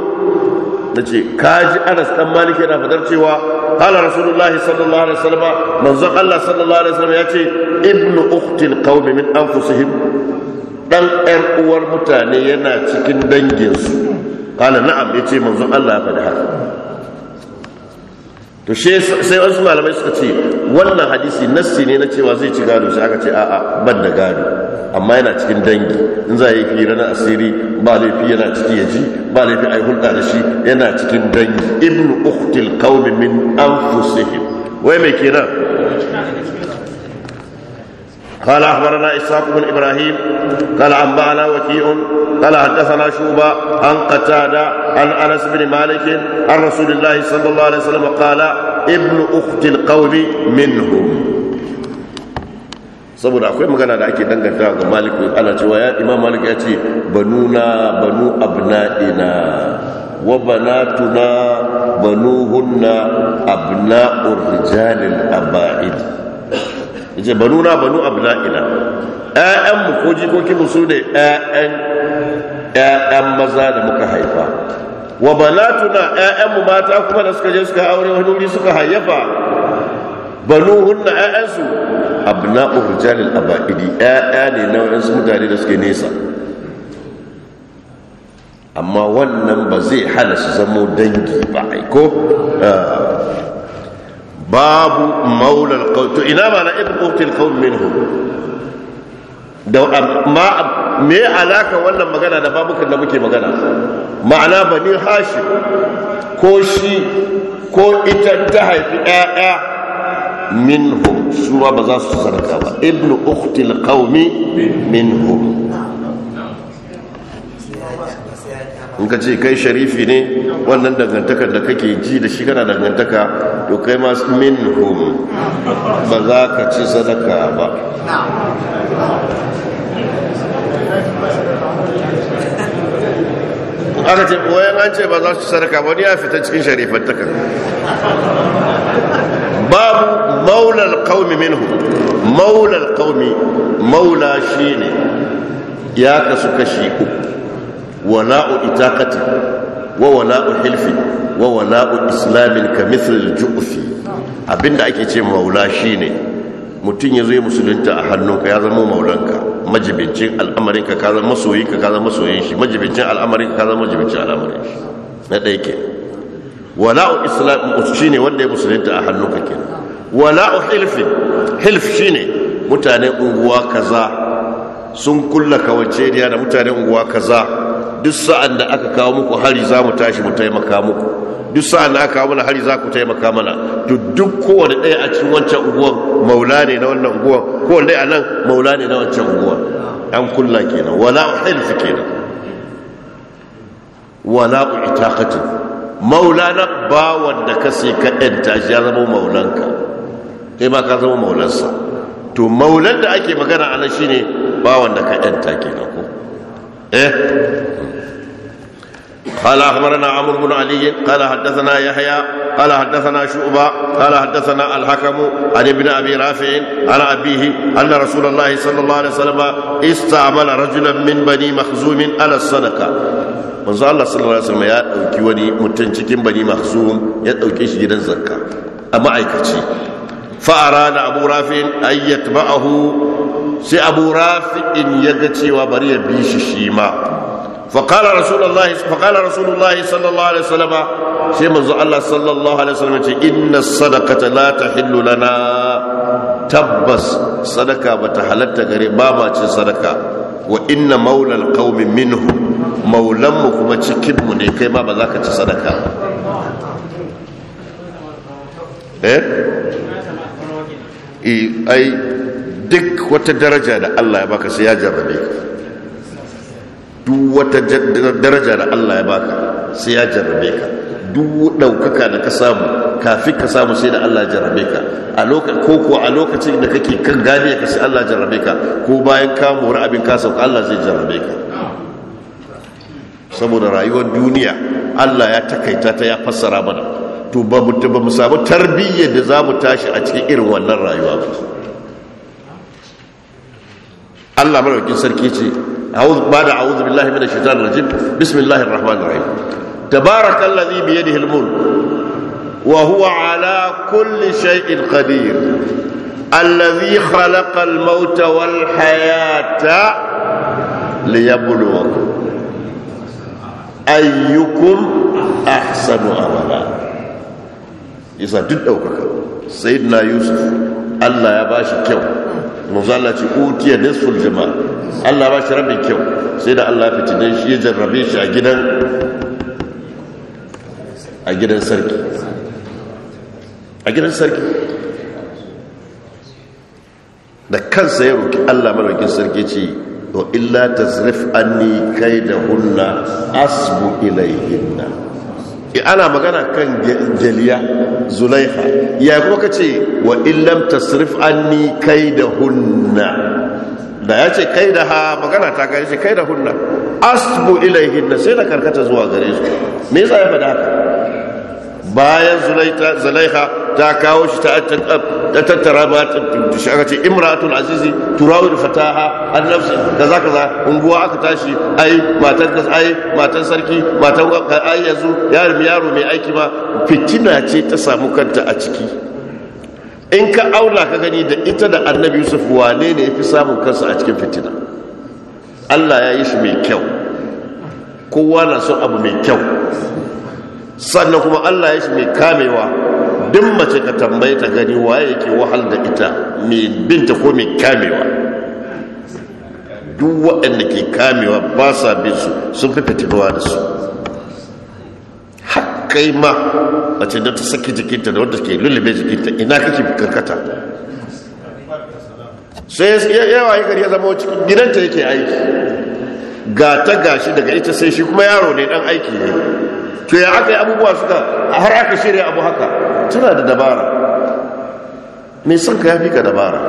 nace kaji anas dan malik yana fadar cewa qala rasulullah sallallahu alaihi wasallam manzo allah sallallahu alaihi wasallam yace ibnu ukhti alqaum min anfusihim dan ɗan uwar mutane yana cikin dangin su kala na'am yace manzo allah ya fada haka to sai wasu malamai suka ce wannan hadisi nassi ne na cewa zai ci gado sai aka ce a'a ban da gado amma yana cikin dangi in za yi fira na asiri ba laifi yana ciki ya ji ba laifi a yi hulɗa da shi yana cikin dangi ibnu uktil qaumi min anfusihim wai mai kenan قال اخبرنا اسحاق بن ابراهيم قال انبانا وكيع قال حدثنا شوبه عن قتاده عن انس بن مالك عن رسول الله صلى الله عليه وسلم قال ابن اخت القوم منهم saboda akwai magana da ake danganta ga maliku ana cewa ya imam malik ya ce banuna banu abna'ina wa banatuna banuhunna abna'ur rijalil aba'id yace banuna banu abna'ina ƴaƴan mu ko jikokin mu su ne ƴaƴan maza da muka haifa wa banatuna ƴaƴan mu mata kuma da suka je suka aure wani wuri suka hayyafa banuhunna yayansu su abna'u rijalil aba'idi ƴaƴa ne na waɗansu mutane da suke nesa amma wannan ba zai hana su zamo dangi ba aiko ah. babu maulal qaum ina ma na ibqatil qaum minhum da ma me alaka wannan magana da babukan da muke magana ma'ana bani hashim ko shi ko ita ta haifi ƴaƴa minhum su ba za su sadaka ba ibnu ukhtil qaumi minhum in ka ce kai sharifi ne wannan dangantakar da kake ji da shi kana dangantaka to kai ma hum ba za ka ci sadaka ba aka ce wayan an ce ba za su sadaka ba ni ya fita cikin sharifantaka babu maular kaumi hum maular kaumi maula shi ne ya kasu kashi uku wala'u itaqati wa wala'u hilfi wa wala'u islamin ka mithlil ju'fi abinda ake ce maula shine mutum ya zai musulunta a hannunka ya zama maulanka majibincin al'amarin ka ka zama masoyin ka zama masoyin shi majibincin al'amarin ka ka zama majibincin al'amarin shi na ɗaya ke wala'u islam shine wanda ya musulunta a hannunka kenan wala'u hilfi hilf shine mutanen unguwa kaza sun kulla kawance da mutanen unguwa kaza duk sa'an da aka kawo muku hari za mu tashi mu taimaka muku duk sa'an da aka kawo mana hari za ku taimaka mana to duk kowane ɗaya a cikin wancan unguwar maula ne na wannan unguwar kowane ɗaya a nan maula ne na wancan unguwar an kulla kenan wala hilfi kenan wala itaqatin na ba wanda ka sai ka ɗanta shi ya zama maulanka kai ma ka zama maulansa to maulan da ake magana a nan shine ba wanda ka ɗanta kenan إيه؟ قال أخبرنا عمرو بن علي قال حدثنا يحيى قال حدثنا شؤبة قال حدثنا الحكم عن ابن أبي رافع عن أبيه أن رسول الله صلى الله عليه وسلم استعمل رجلا من بني مخزوم على الصدقة manzo Allah sallallahu alaihi wasallam ya dauki wani mutum cikin bani mahzum ya dauke shi gidan zakka a ma'aikaci fa arada abu rafi an yatba'ahu sai abu rafi'in ya ga cewa bari ya bi shi shi ma faƙala rasulullahi sallallahu alaihi wasallam sai manzo Allah sallallahu alaihi wasallam ce inna sadaqata la tahillu lana tabbas sadaka bata halatta gare ba ma cin sadaka wa inna maulal qaumi minhu mu kuma cikinmu ne kai ma ba za ka ci sadaka eh, eh ai duk wata daraja da Allah ya baka sai ya jarrabe ka duk wata daraja da Allah ya baka sai ya jarrabe ka duk daukaka da ka samu kafin ka samu sai da Allah ya jarrabe ka a lokacin ko ko a lokacin da kake kan gane ka sai Allah ya jarrabe ka ko bayan ka mura abin ka sauka Allah zai jarrabe ka saboda rayuwar duniya Allah ya takaita ta ya fassara mana to ba mu samu tarbiyyar da za mu tashi a cikin irin wannan rayuwa ba Allah maraukin sarki ce ba da a'udhu billahi minash shaitanir rajim bismillahir rahmanir rahim tabarakallazi bi yadihi al-mulk wa huwa ala kulli shay'in qadir الذي خلق الموت hayata ليبلوكم ayyukum ahsanu amala Isa duk daukaka sayyidina yusuf Allah ya bashi kyau manzo Allah ce utiya nisful jama'a? Allah ba shi rabin kyau sai da Allah fitinin shi jarrabe shi a gidan a gidan sarki a gidan sarki da kansa ya roki Allah malaukin sarki ce wa illa tasrif anni kaidahunna asbu ilayhinna Eh, ana magana kan jaliya zulaiha ya kuma ka ce wa illam tasrif anni kai da hunna da ya ce kai da ha magana ta gare ce kai da hunna asbu ilaihinna sai na karkata zuwa gare su me yasa ya faɗa haka bayan zulaiha ta kawo shi ta tattara ba ta shaka ce imratul azizi turawir fataha an nafsi kaza kaza unguwa aka tashi ai matan ai matan sarki matan ai yanzu yaro yaro mai aiki ba fitina ce ta samu kanta a ciki in ka auna ka gani da ita da annabi yusuf wane ne ya fi samun kansa a cikin fitina allah ya yi shi mai kyau kowa na son abu mai kyau sannan kuma Allah ya shi mai kamewa duk mace ka tambaye ta gani waye yake wahal da ita mai binta ko mai kamewa duk waɗanda ke kamewa ba sa bin su sun fi fitinuwa da su kai ma mace da ta saki jikinta da wadda ke lullube jikinta ina kake karkata sai yawa yi gari ya zama cikin gidanta yake aiki ga ta gashi daga ita sai shi kuma yaro ne dan aiki ne to ya aka yi abubuwa suka har aka shirya abu haka tana da dabara mai son ka ya fi ka dabara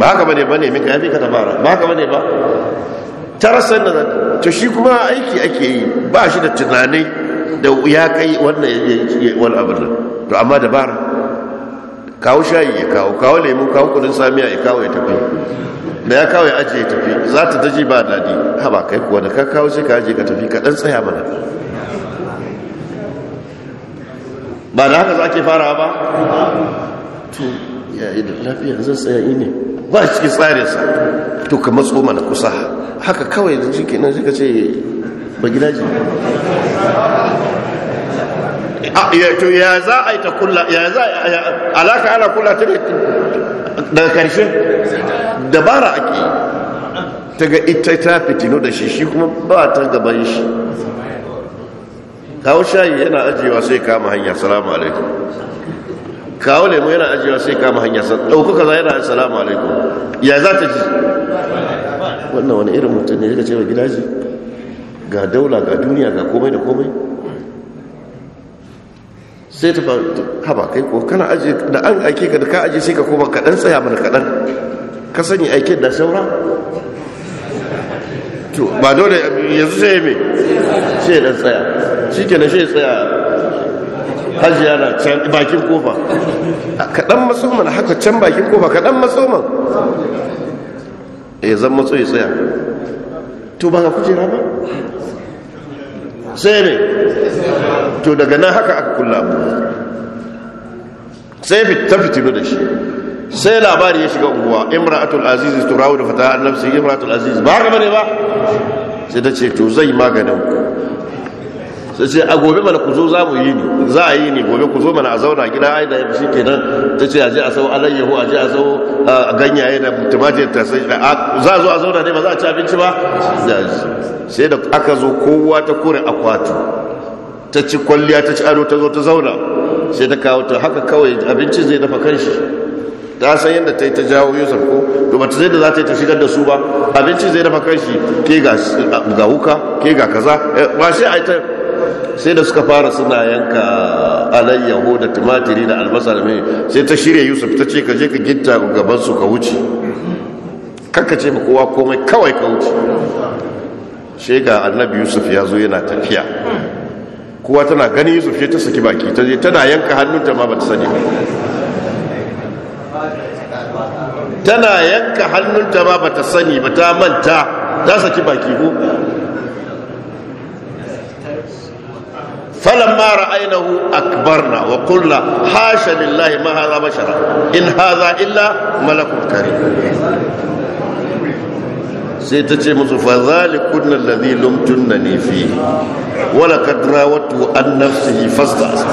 ba haka bane ba ne ka fi ka dabara ba haka bane ba ta rasa da to shi kuma aiki ake yi ba shi da tunanai da ya kai wannan wani abin nan to amma dabara kawo shayi ya kawo kawo lemu kawo kudin samiya ya kawo ya tafi da ya kawo ya ajiye tafi za ta daji ba daɗi haɓa kai kuwa da ka kawo ka ajiye ka tafi ka ɗan tsaya mana ba da haka za ke fara ba to ya yi da lafiya zan tsaya ne ba shi cikin tsarinsa to ka matso mana kusa haka kawai da jikin nan shi ka ce ba gidaje ya za a yi ta kula ya za a alaka ana kula ta daga karshe dabara ake ta ga ita ta fitino da shi shi kuma ba ta gaban shi kawo shayi yana ajiyewa sai kama hanya salamu alaikum kawo lemu yana ajiyewa sai kama hanya ɗauku kaza yana salamu alaikum ya za ta ji wannan wani irin mutum ne ya ce wa gidaje ga daula ga duniya ga komai da komai sai ta haba kai ko kana aji da an aike ka da ka aji sai ka koma kaɗan tsaya mana kaɗan ka sani aike da saura to ba dole yanzu sai mai sai dan tsaya shi ke na sai tsaya hajiya yana can bakin kofa kaɗan masoman haka can bakin kofa kaɗan masoman ya eh, zan matso ya tsaya to ba ka kujera ba sai ne to daga nan haka aka kulla abu sai ta fitinu da shi sai labari ya shiga unguwa imratul aziz turawu da fata an nafsi aziz ba ga bane ba sai ta ce to zai maganin ku sai ce a gobe mana ku zo za mu yi ne za a yi ne gobe ku zo mana a zauna gida ai da ke kenan ta ce a je a sau alayyahu a je a sau ganyaye da tumatir ta sai za a zo a zauna ne ba za a ci abinci ba sai da aka zo kowa ta kore akwatu ta ci kwalliya ta ci ado ta zo ta zauna sai ta kawo ta haka kawai abincin zai dafa kanshi ta san yadda ta yi ta jawo yusuf ko to bata zai da za ta yi ta shigar da su ba abinci zai dafa kanshi ke ga huka ke ga kaza ba eh, shi a yi ta sai da suka fara suna yanka alayyahu da tumatiri da albasar da mai sai ta shirya yusuf ta ce ka je ka gita gaban su ka wuce kakka ce ma kowa komai kawai ka wuce shi ga annabi yusuf ya zo yana tafiya kowa tana gani yusuf ce ta saki baki ta je tana yanka hannunta ma ba ta sani ba tana yanka hannunta ma ba ta sani ba ta manta ta saki baki ko فلما رأينه أكبرنا وقلنا حاشا لله ما هذا بشرا إن هذا إلا ملك كريم سيتجي فذلك كنا الذي لمتنني فيه ولقد راوته عن نفسه فاستعصى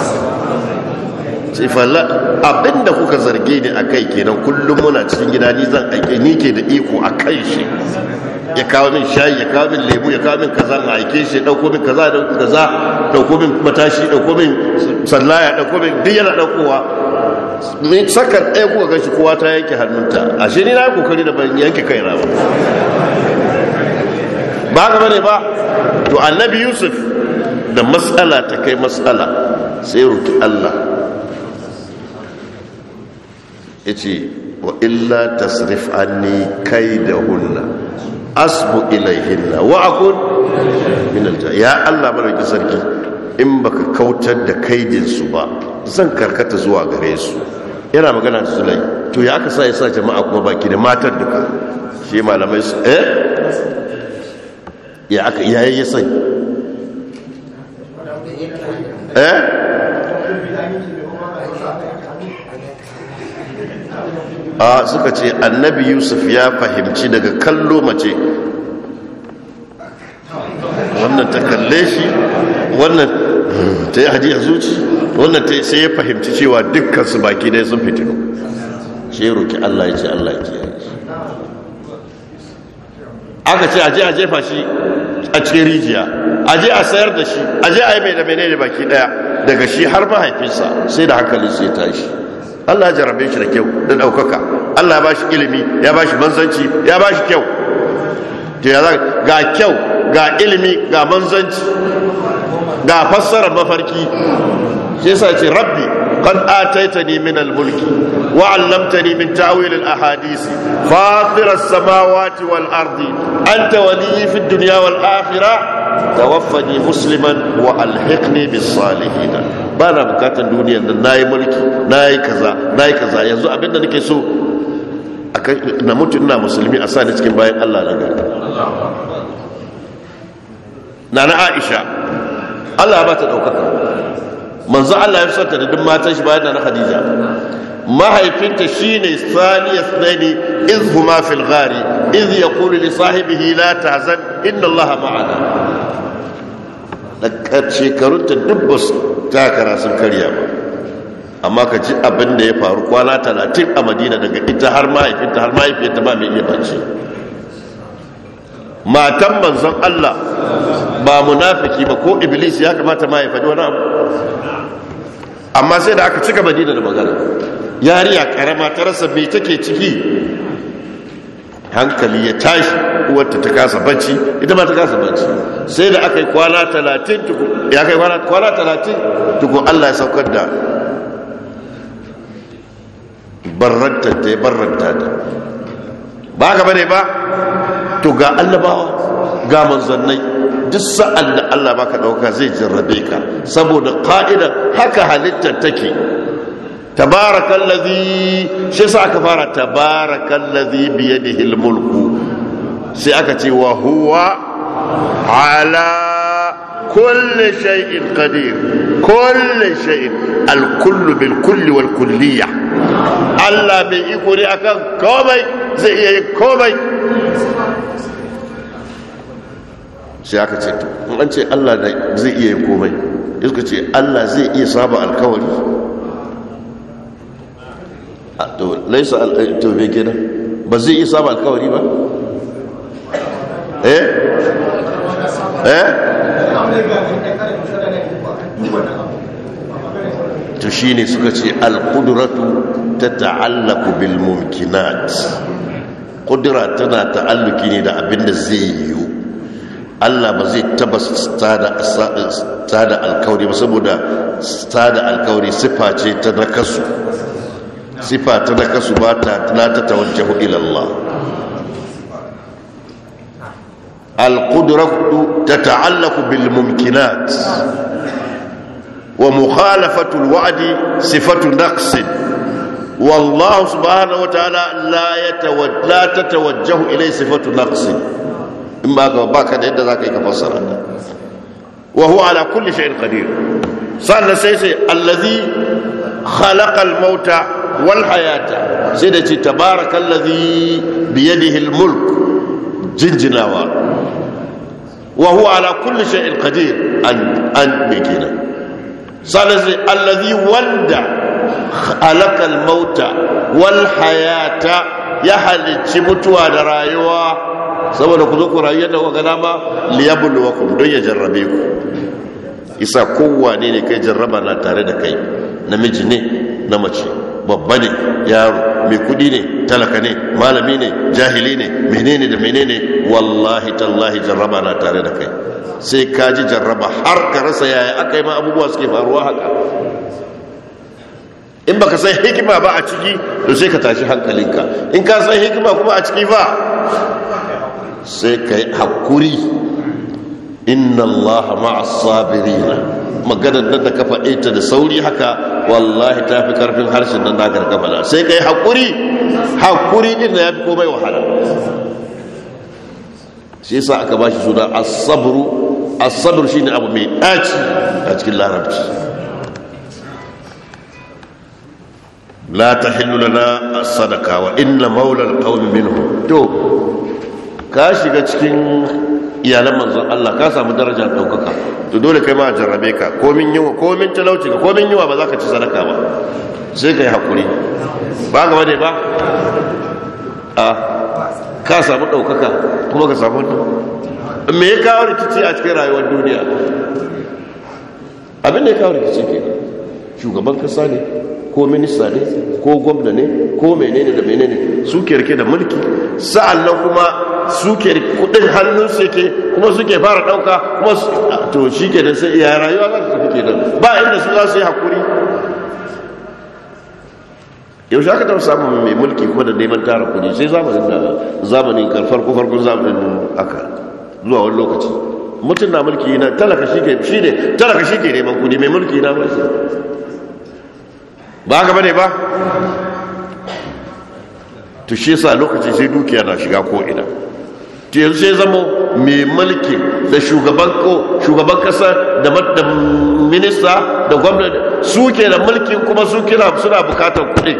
falla abinda kuka zarge ni a kai kenan kullum muna cikin gida ni zan aike ni ke da iko a kai shi ya kawo min shayi ya kawo min lemu ya kawo min kaza na aike shi dauko min kaza da kaza dauko min matashi dauko min sallaya dauko min duk yana daukowa ne saka ɗaya kuka gashi kowa ta yanke hannunta A shi ni na yi kokari da ban yanke kaina ba ba ga bane ba to annabi yusuf da matsala ta kai matsala sai roki allah ya ce wa illa tasrif anni kai da hunna asbu ilaihinna wa akun min ya Allah barki sarki in baka kautar da kaidinsu ba zan karkata zuwa gare su yana magana da sulai to ya aka sa ya sa jama'a kuma baki da matar duka shi malamai su eh ya aka yayi ya sai eh a suka ce annabi yusuf ya fahimci daga kallo mace wannan ta kalle shi wannan ta yi hajiyar zuci wannan ta sai ya fahimci cewa dukkan su baki dai sun fitino shi roki allah ya ce allah ya ce aka ce aje a jefa shi a cikin rijiya aje a sayar da shi aje a yi mai da menene baki daya daga shi har mahaifinsa sai da hankalin sai tashi Allah ya jarabe shi da kyau da daukaka Allah ya bashi ilimi ya bashi manzanci ya bashi kyau to ya ga kyau ga ilimi ga manzanci ga fassarar mafarki shi yasa ce rabbi qad ataitani min al-mulki wa 'allamtani min ta'wil al-ahadith fatir as-samawati wal-ardi anta waliyyi fid dunya wal-akhirah tawaffani musliman wa alhiqni bis-salihin ba na bukatan duniyar da na yi mulki na yi kaza na yi kaza yanzu abinda nake so na mutu ina musulmi a sani cikin bayan allah na gari na na aisha allah ba ta ɗaukaka manzo allah ya fusanta da duk matan shi bayan na khadija mahaifinta shi ne saniya tsani iz huma fil ghari iz yaqulu li sahibihi la tazan, inna Allah ma'ana shekarunta duk ba su takara sun karya ba amma ka ji abin da ya faru kwana talatin a madina daga ita har mahaifinta har mahaifinta ba mai iya bace matan manzon Allah ba munafiki ba ko iblis ya kamata ma ya wani abu amma sai da aka cika madina da magana yariya karama ta rasa mai take ciki hankali ya tashi uwarta ta kasa bacci ita ba ta kasa bacci sai da aka yi kwana talatin tukun ya kai kwana talatin tukun allah ya saukar da barranta ta ya barranta ta ba ka bane ba to ga ba ga manzannai duk sa'an da allah ba ka dauka zai jarrabe ka saboda ka'idan haka halittar take tabarakallazi shi sa aka fara tabarakallazi da hilmulku. sai aka ce wa huwa ala kulli shay'in qadir kulli shay'in alkullu bil kulli wal kulliyya Allah bai iko ne akan komai zai iya yin komai sai aka ce to an ce Allah zai iya yin komai iska ce Allah zai iya saba alkawari to laisa al'aitobe eh, kenan ba zai iya ba alkawari ba eh eh to shine suka ce alqudratu tata'allaqu bil mumkinat qudra tana ta'alluki ne da abin da zai yi Allah ba zai tabbas tsada alkawari ba saboda tsada alkawari sifa ce ta nakasu sifa ta da kasu ba ta ta tawajjahu ila Allah al-qudratu tata'allaqu bil wa mukhalafatul wa'adi wadi sifatu naqsin والله سبحانه وتعالى لا يتوج لا تتوجه اليه صفه نقص اما باك da yadda za yi ka fassara وهو على كل شيء قدير صلى سيسي الذي خلق الموت wal hayata sai da ce tabarakallazi biyadihi almulk jinjinawa wa huwa ala kulli shay'in qadir an an ne allazi wanda halakal mauta wal hayata ya halicci mutuwa da rayuwa saboda ku zo ku rayu yadda kuka dama liyabluwakum don ya jarrabe ku isa kowane ne kai jarraba na tare da kai namiji ne na mace babba ne yaro mai kudi ne talaka ne malami ne jahili ne menene da menene wallahi tallahi jarraba na tare da kai sai ka ji jarraba har ka rasa yaya aka yi ma abubuwa suke faruwa haka in baka san hikima ba a ciki to sai ka tashi hankalinka in ka san hikima kuma a ciki ba sai ka yi hakuri inna allaha ma'as sabirina maganar nan da ka faɗe ta da sauri haka wallahi ta fi karfin harshen nan na gargama sai kai haƙuri haƙuri ɗin da ya fi komai wahala shi yasa aka ba shi suna asabru asabru shine abu mai ɗaci a cikin larabci la ta lana sadaka wa inna maulal qaumi minhu to ka shiga cikin iyalan manzon Allah ka samu daraja daukaka to dole kai ma jarrabe ka komin yiwa komin talauci ka komin yiwa ba za ka ci sadaka ba sai kai hakuri ba gaba ne ba a ka samu daukaka kuma ka samu me ya kawo rikici a cikin rayuwar duniya abin da ya kawo rikici ke shugaban kasa ne ko minista ne ko gwamna ne ko menene da menene su ke rike da mulki sa'an nan kuma suke kudin hannun suke kuma suke fara dauka kuma to shi ke da sai iya rayuwa za su tafi ke nan ba inda su za su yi hakuri yaushe aka taɓa samun mai mulki kuma da neman tara kudi sai zamanin da zamanin karfar ko farkon zamanin aka zuwa wani lokaci mutum na mulki na talaka shi ke shi ne talaka shi ke neman kudi mai mulki na mulki. ba haka bane ba to shi yasa lokaci sai dukiya na shiga ko ina to yanzu ya zama mai mulki da shugaban ko shugaban kasa da minista da gwamnati su ke da mulkin kuma su kira suna bukatar kuɗi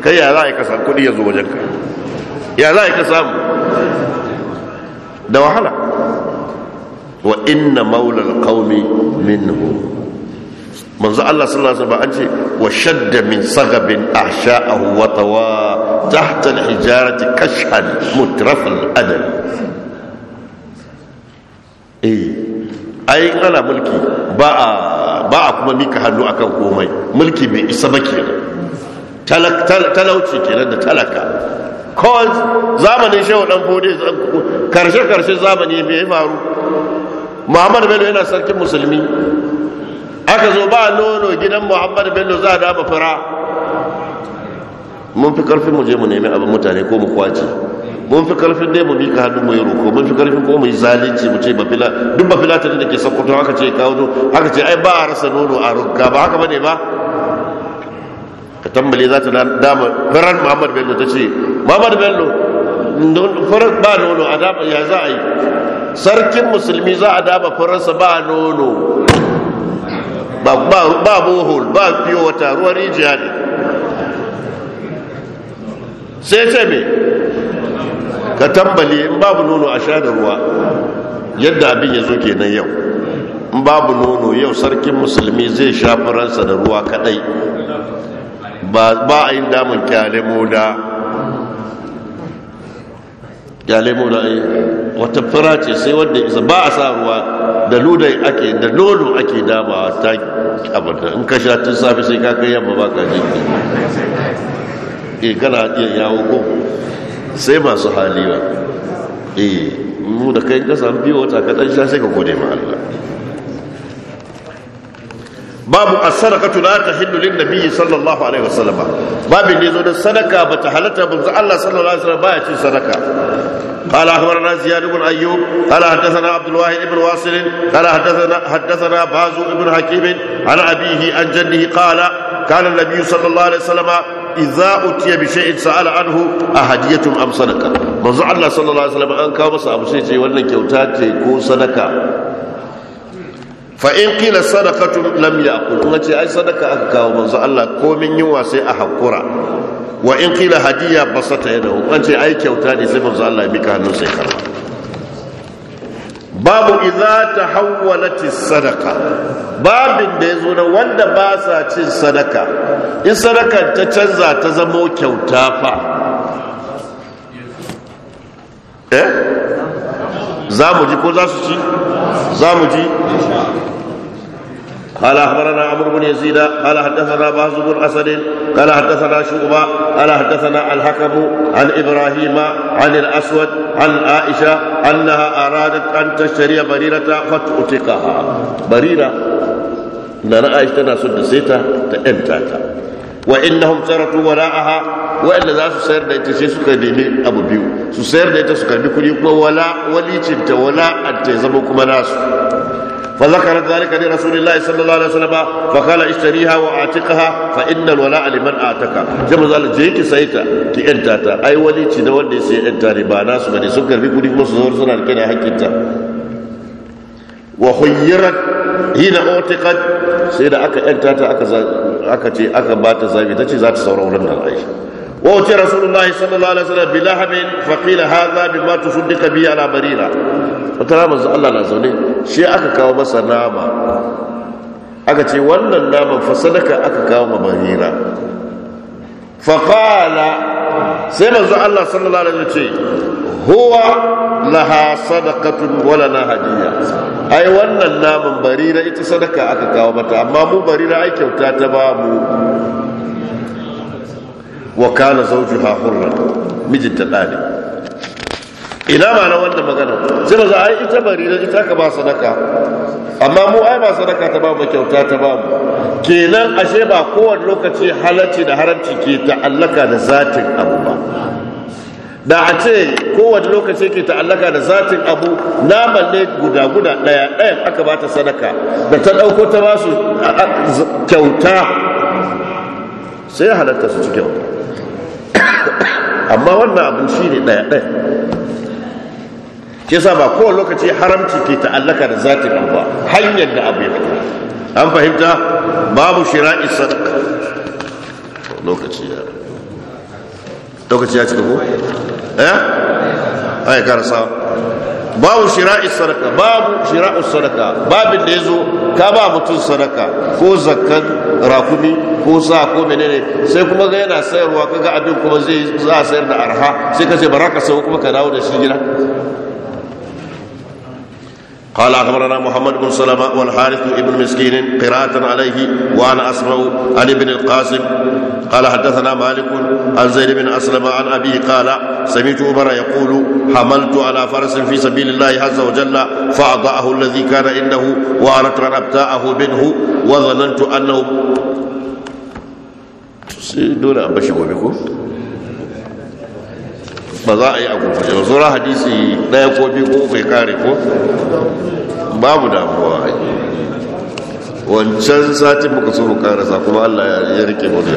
kai ya za a yi kasar kuɗi yanzu wajen ka ya za a yi ka da wahala wa inna maulal kaumi minhu manzo Allah sallallahu alaihi wasallam an ce wa shadda min sagabin ahsha'ahu wa tawa tahta al-hijarati kashhan mutraf al-adam eh ai ana mulki ba a ba a kuma mika hannu akan komai mulki bai isa ba kenan talauci kenan da talaka ko zamanin shehu dan fode karshe karshe zamani bai faru Muhammad Bello yana sarkin musulmi aka zo ba nono gidan muhammadu bello za a dama fura mun fi karfin mu je mu nemi abin mutane ko mu kwace mun fi karfin dai mu bi ka hannu mu roko mun fi karfin ko mu yi zalunci mu ce ba fila duk ba fila da ke sakkwato aka ce kawo aka ce ai ba a rasa nono a rugga ba haka bane ba ka tambale za ta dama firar muhammadu bello ta ce muhammadu bello firar ba nono a dama ya za a yi sarkin musulmi za a dama firarsa ba nono ba bohol ba fiye wata ruwan rijiya ne sai ce mai ka tambali in babu nono a sha da ruwa yadda abin ya zo kenan yau in babu nono yau sarkin musulmi zai sha faransa da ruwa kadai ba a yi damun kyale moda kyale moda eh, wata fara ce sai wadda isa ba a sa ruwa da ludai ake da nono ake dama ta abata in ka sha tun safi sai ka kai yamma ji jiki eh kana iya yawo ko sai masu hali ba eh mu da kai ka samu biyo wata ka dan sha sai ka gode ma Allah babu as-sadaqatu la tahillu lin-nabi sallallahu alaihi wasallam babu ne zo da sadaka bata halatta manzo Allah sallallahu alaihi wasallam baya cin sadaka قال اخبرنا زياد بن ايوب قال حدثنا عبد الواحد بن واصل قال حدثنا حدثنا بازو بن حكيم عن ابيه عن جده قال كان النبي صلى الله عليه وسلم إذا أتي بشيء سأل عنه أهدية أم صدقة منذ الله صلى الله عليه وسلم أن كان مسا أبو سيتي ولن كيوتاتي كو صدقة fa in kila sadaqatu lam yaqul kun ce ai sadaka aka kawo manzo Allah komin yunwa sai a hakura wa in kila hadiya basata yana kun ce ai kyauta ne sai manzo Allah ya mika hannu sai karba babu idza tahawwalat sadaqa babin da yazo da wanda ba sa cin sadaka in sadakar ta canza ta zama kyauta fa eh za mu ji ko za su ci za mu ji قال اخبرنا عمرو بن يزيد قال حدثنا باز بن اسد قال حدثنا شعبه قال حدثنا الحكم عن ابراهيم عن الاسود عن عائشه انها ارادت ان تشتري بريره فتؤتقها بريره لان عائشه تنا سدسيتا تانتاتا وانهم تركوا وراءها وان ذا سير da ita sai suka nemi abu biyu su sayar da ita su karbi kuɗi kuma wala walicinta wala ta zama kuma nasu fa zakara zalika ni rasulullahi sallallahu alaihi wasallam fa kala ishtariha wa atiqaha fa inna wala liman ataka jama zal je ki saita ki yanta ai walici da wanda sai yanta ne ba nasu bane sun karbi kuɗi kuma su zo suna rike da hakkinta wa khayyarat hina utiqat sai da aka yanta aka aka ce aka bata zabi tace za ta saurara wannan aisha وأتي رسول الله صلى الله عليه وسلم بلحم فقيل هذا بما تصدق به على بريرة وترى من الله نزولي شيء أكا كاو مسا ناما أكا تي ولا ناما فصدق أكا كاو مبريرة فقال سيما الله صلى الله عليه وسلم هو laha sadaqatun wala na hadiya ai wannan naman barira ita sadaka aka kawo mata amma mu barira ai kyauta ta babu wa kana zawjuha hurran mijinta ɗane ina ma na wannan magana sai ba za a ita bari na ita ka ba sadaka amma mu ai ba sadaka ta ba kyauta ta ba kenan ashe ba kowane lokaci halarci da haramci ke ta'allaka da zatin abu ba da a ce kowane lokaci ke ta'allaka da zatin abu na balle guda guda ɗaya daya aka ba ta sadaka da ta ɗauko ta ba su kyauta sai halarta su ci kyauta amma wannan abin shi ne ɗaya ɗaya ke sa ba kowa lokaci haramci ke ta'allaka da zatin abuwa hanyar da abu ya fito an fahimta babu shira'i sadaka lokaci ya lokaci ya ci da ko? eh? ai karasa babu shira'i sadaka babu shira'u sadaka babin da yazo ka ba mutum sadaka ko zakkan rakumi ko sa ko menene sai kuma ga yana sayarwa kaga abin kuma zai za a sayar da arha sai ka ce baraka sai kuma ka dawo da shi gida قال اخبرنا محمد بن سلمة والحارث بن مسكين قراءة عليه وانا اسمع عن ابن القاسم قال حدثنا مالك عن زيد بن اسلم عن ابيه قال سمعت عمر يقول حملت على فرس في سبيل الله عز وجل فاضعه الذي كان عنده واردت ان ابتاعه منه وظننت انه دون ان بشر بكم ba za a yi a gurguje ba zura hadisi daya ko biyu ko kai kare ko babu damuwa wancan sati muka so mu karasa kuma allah ya rike mu da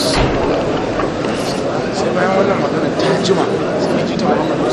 sai bayan wannan magana ta jima sai ji ta wannan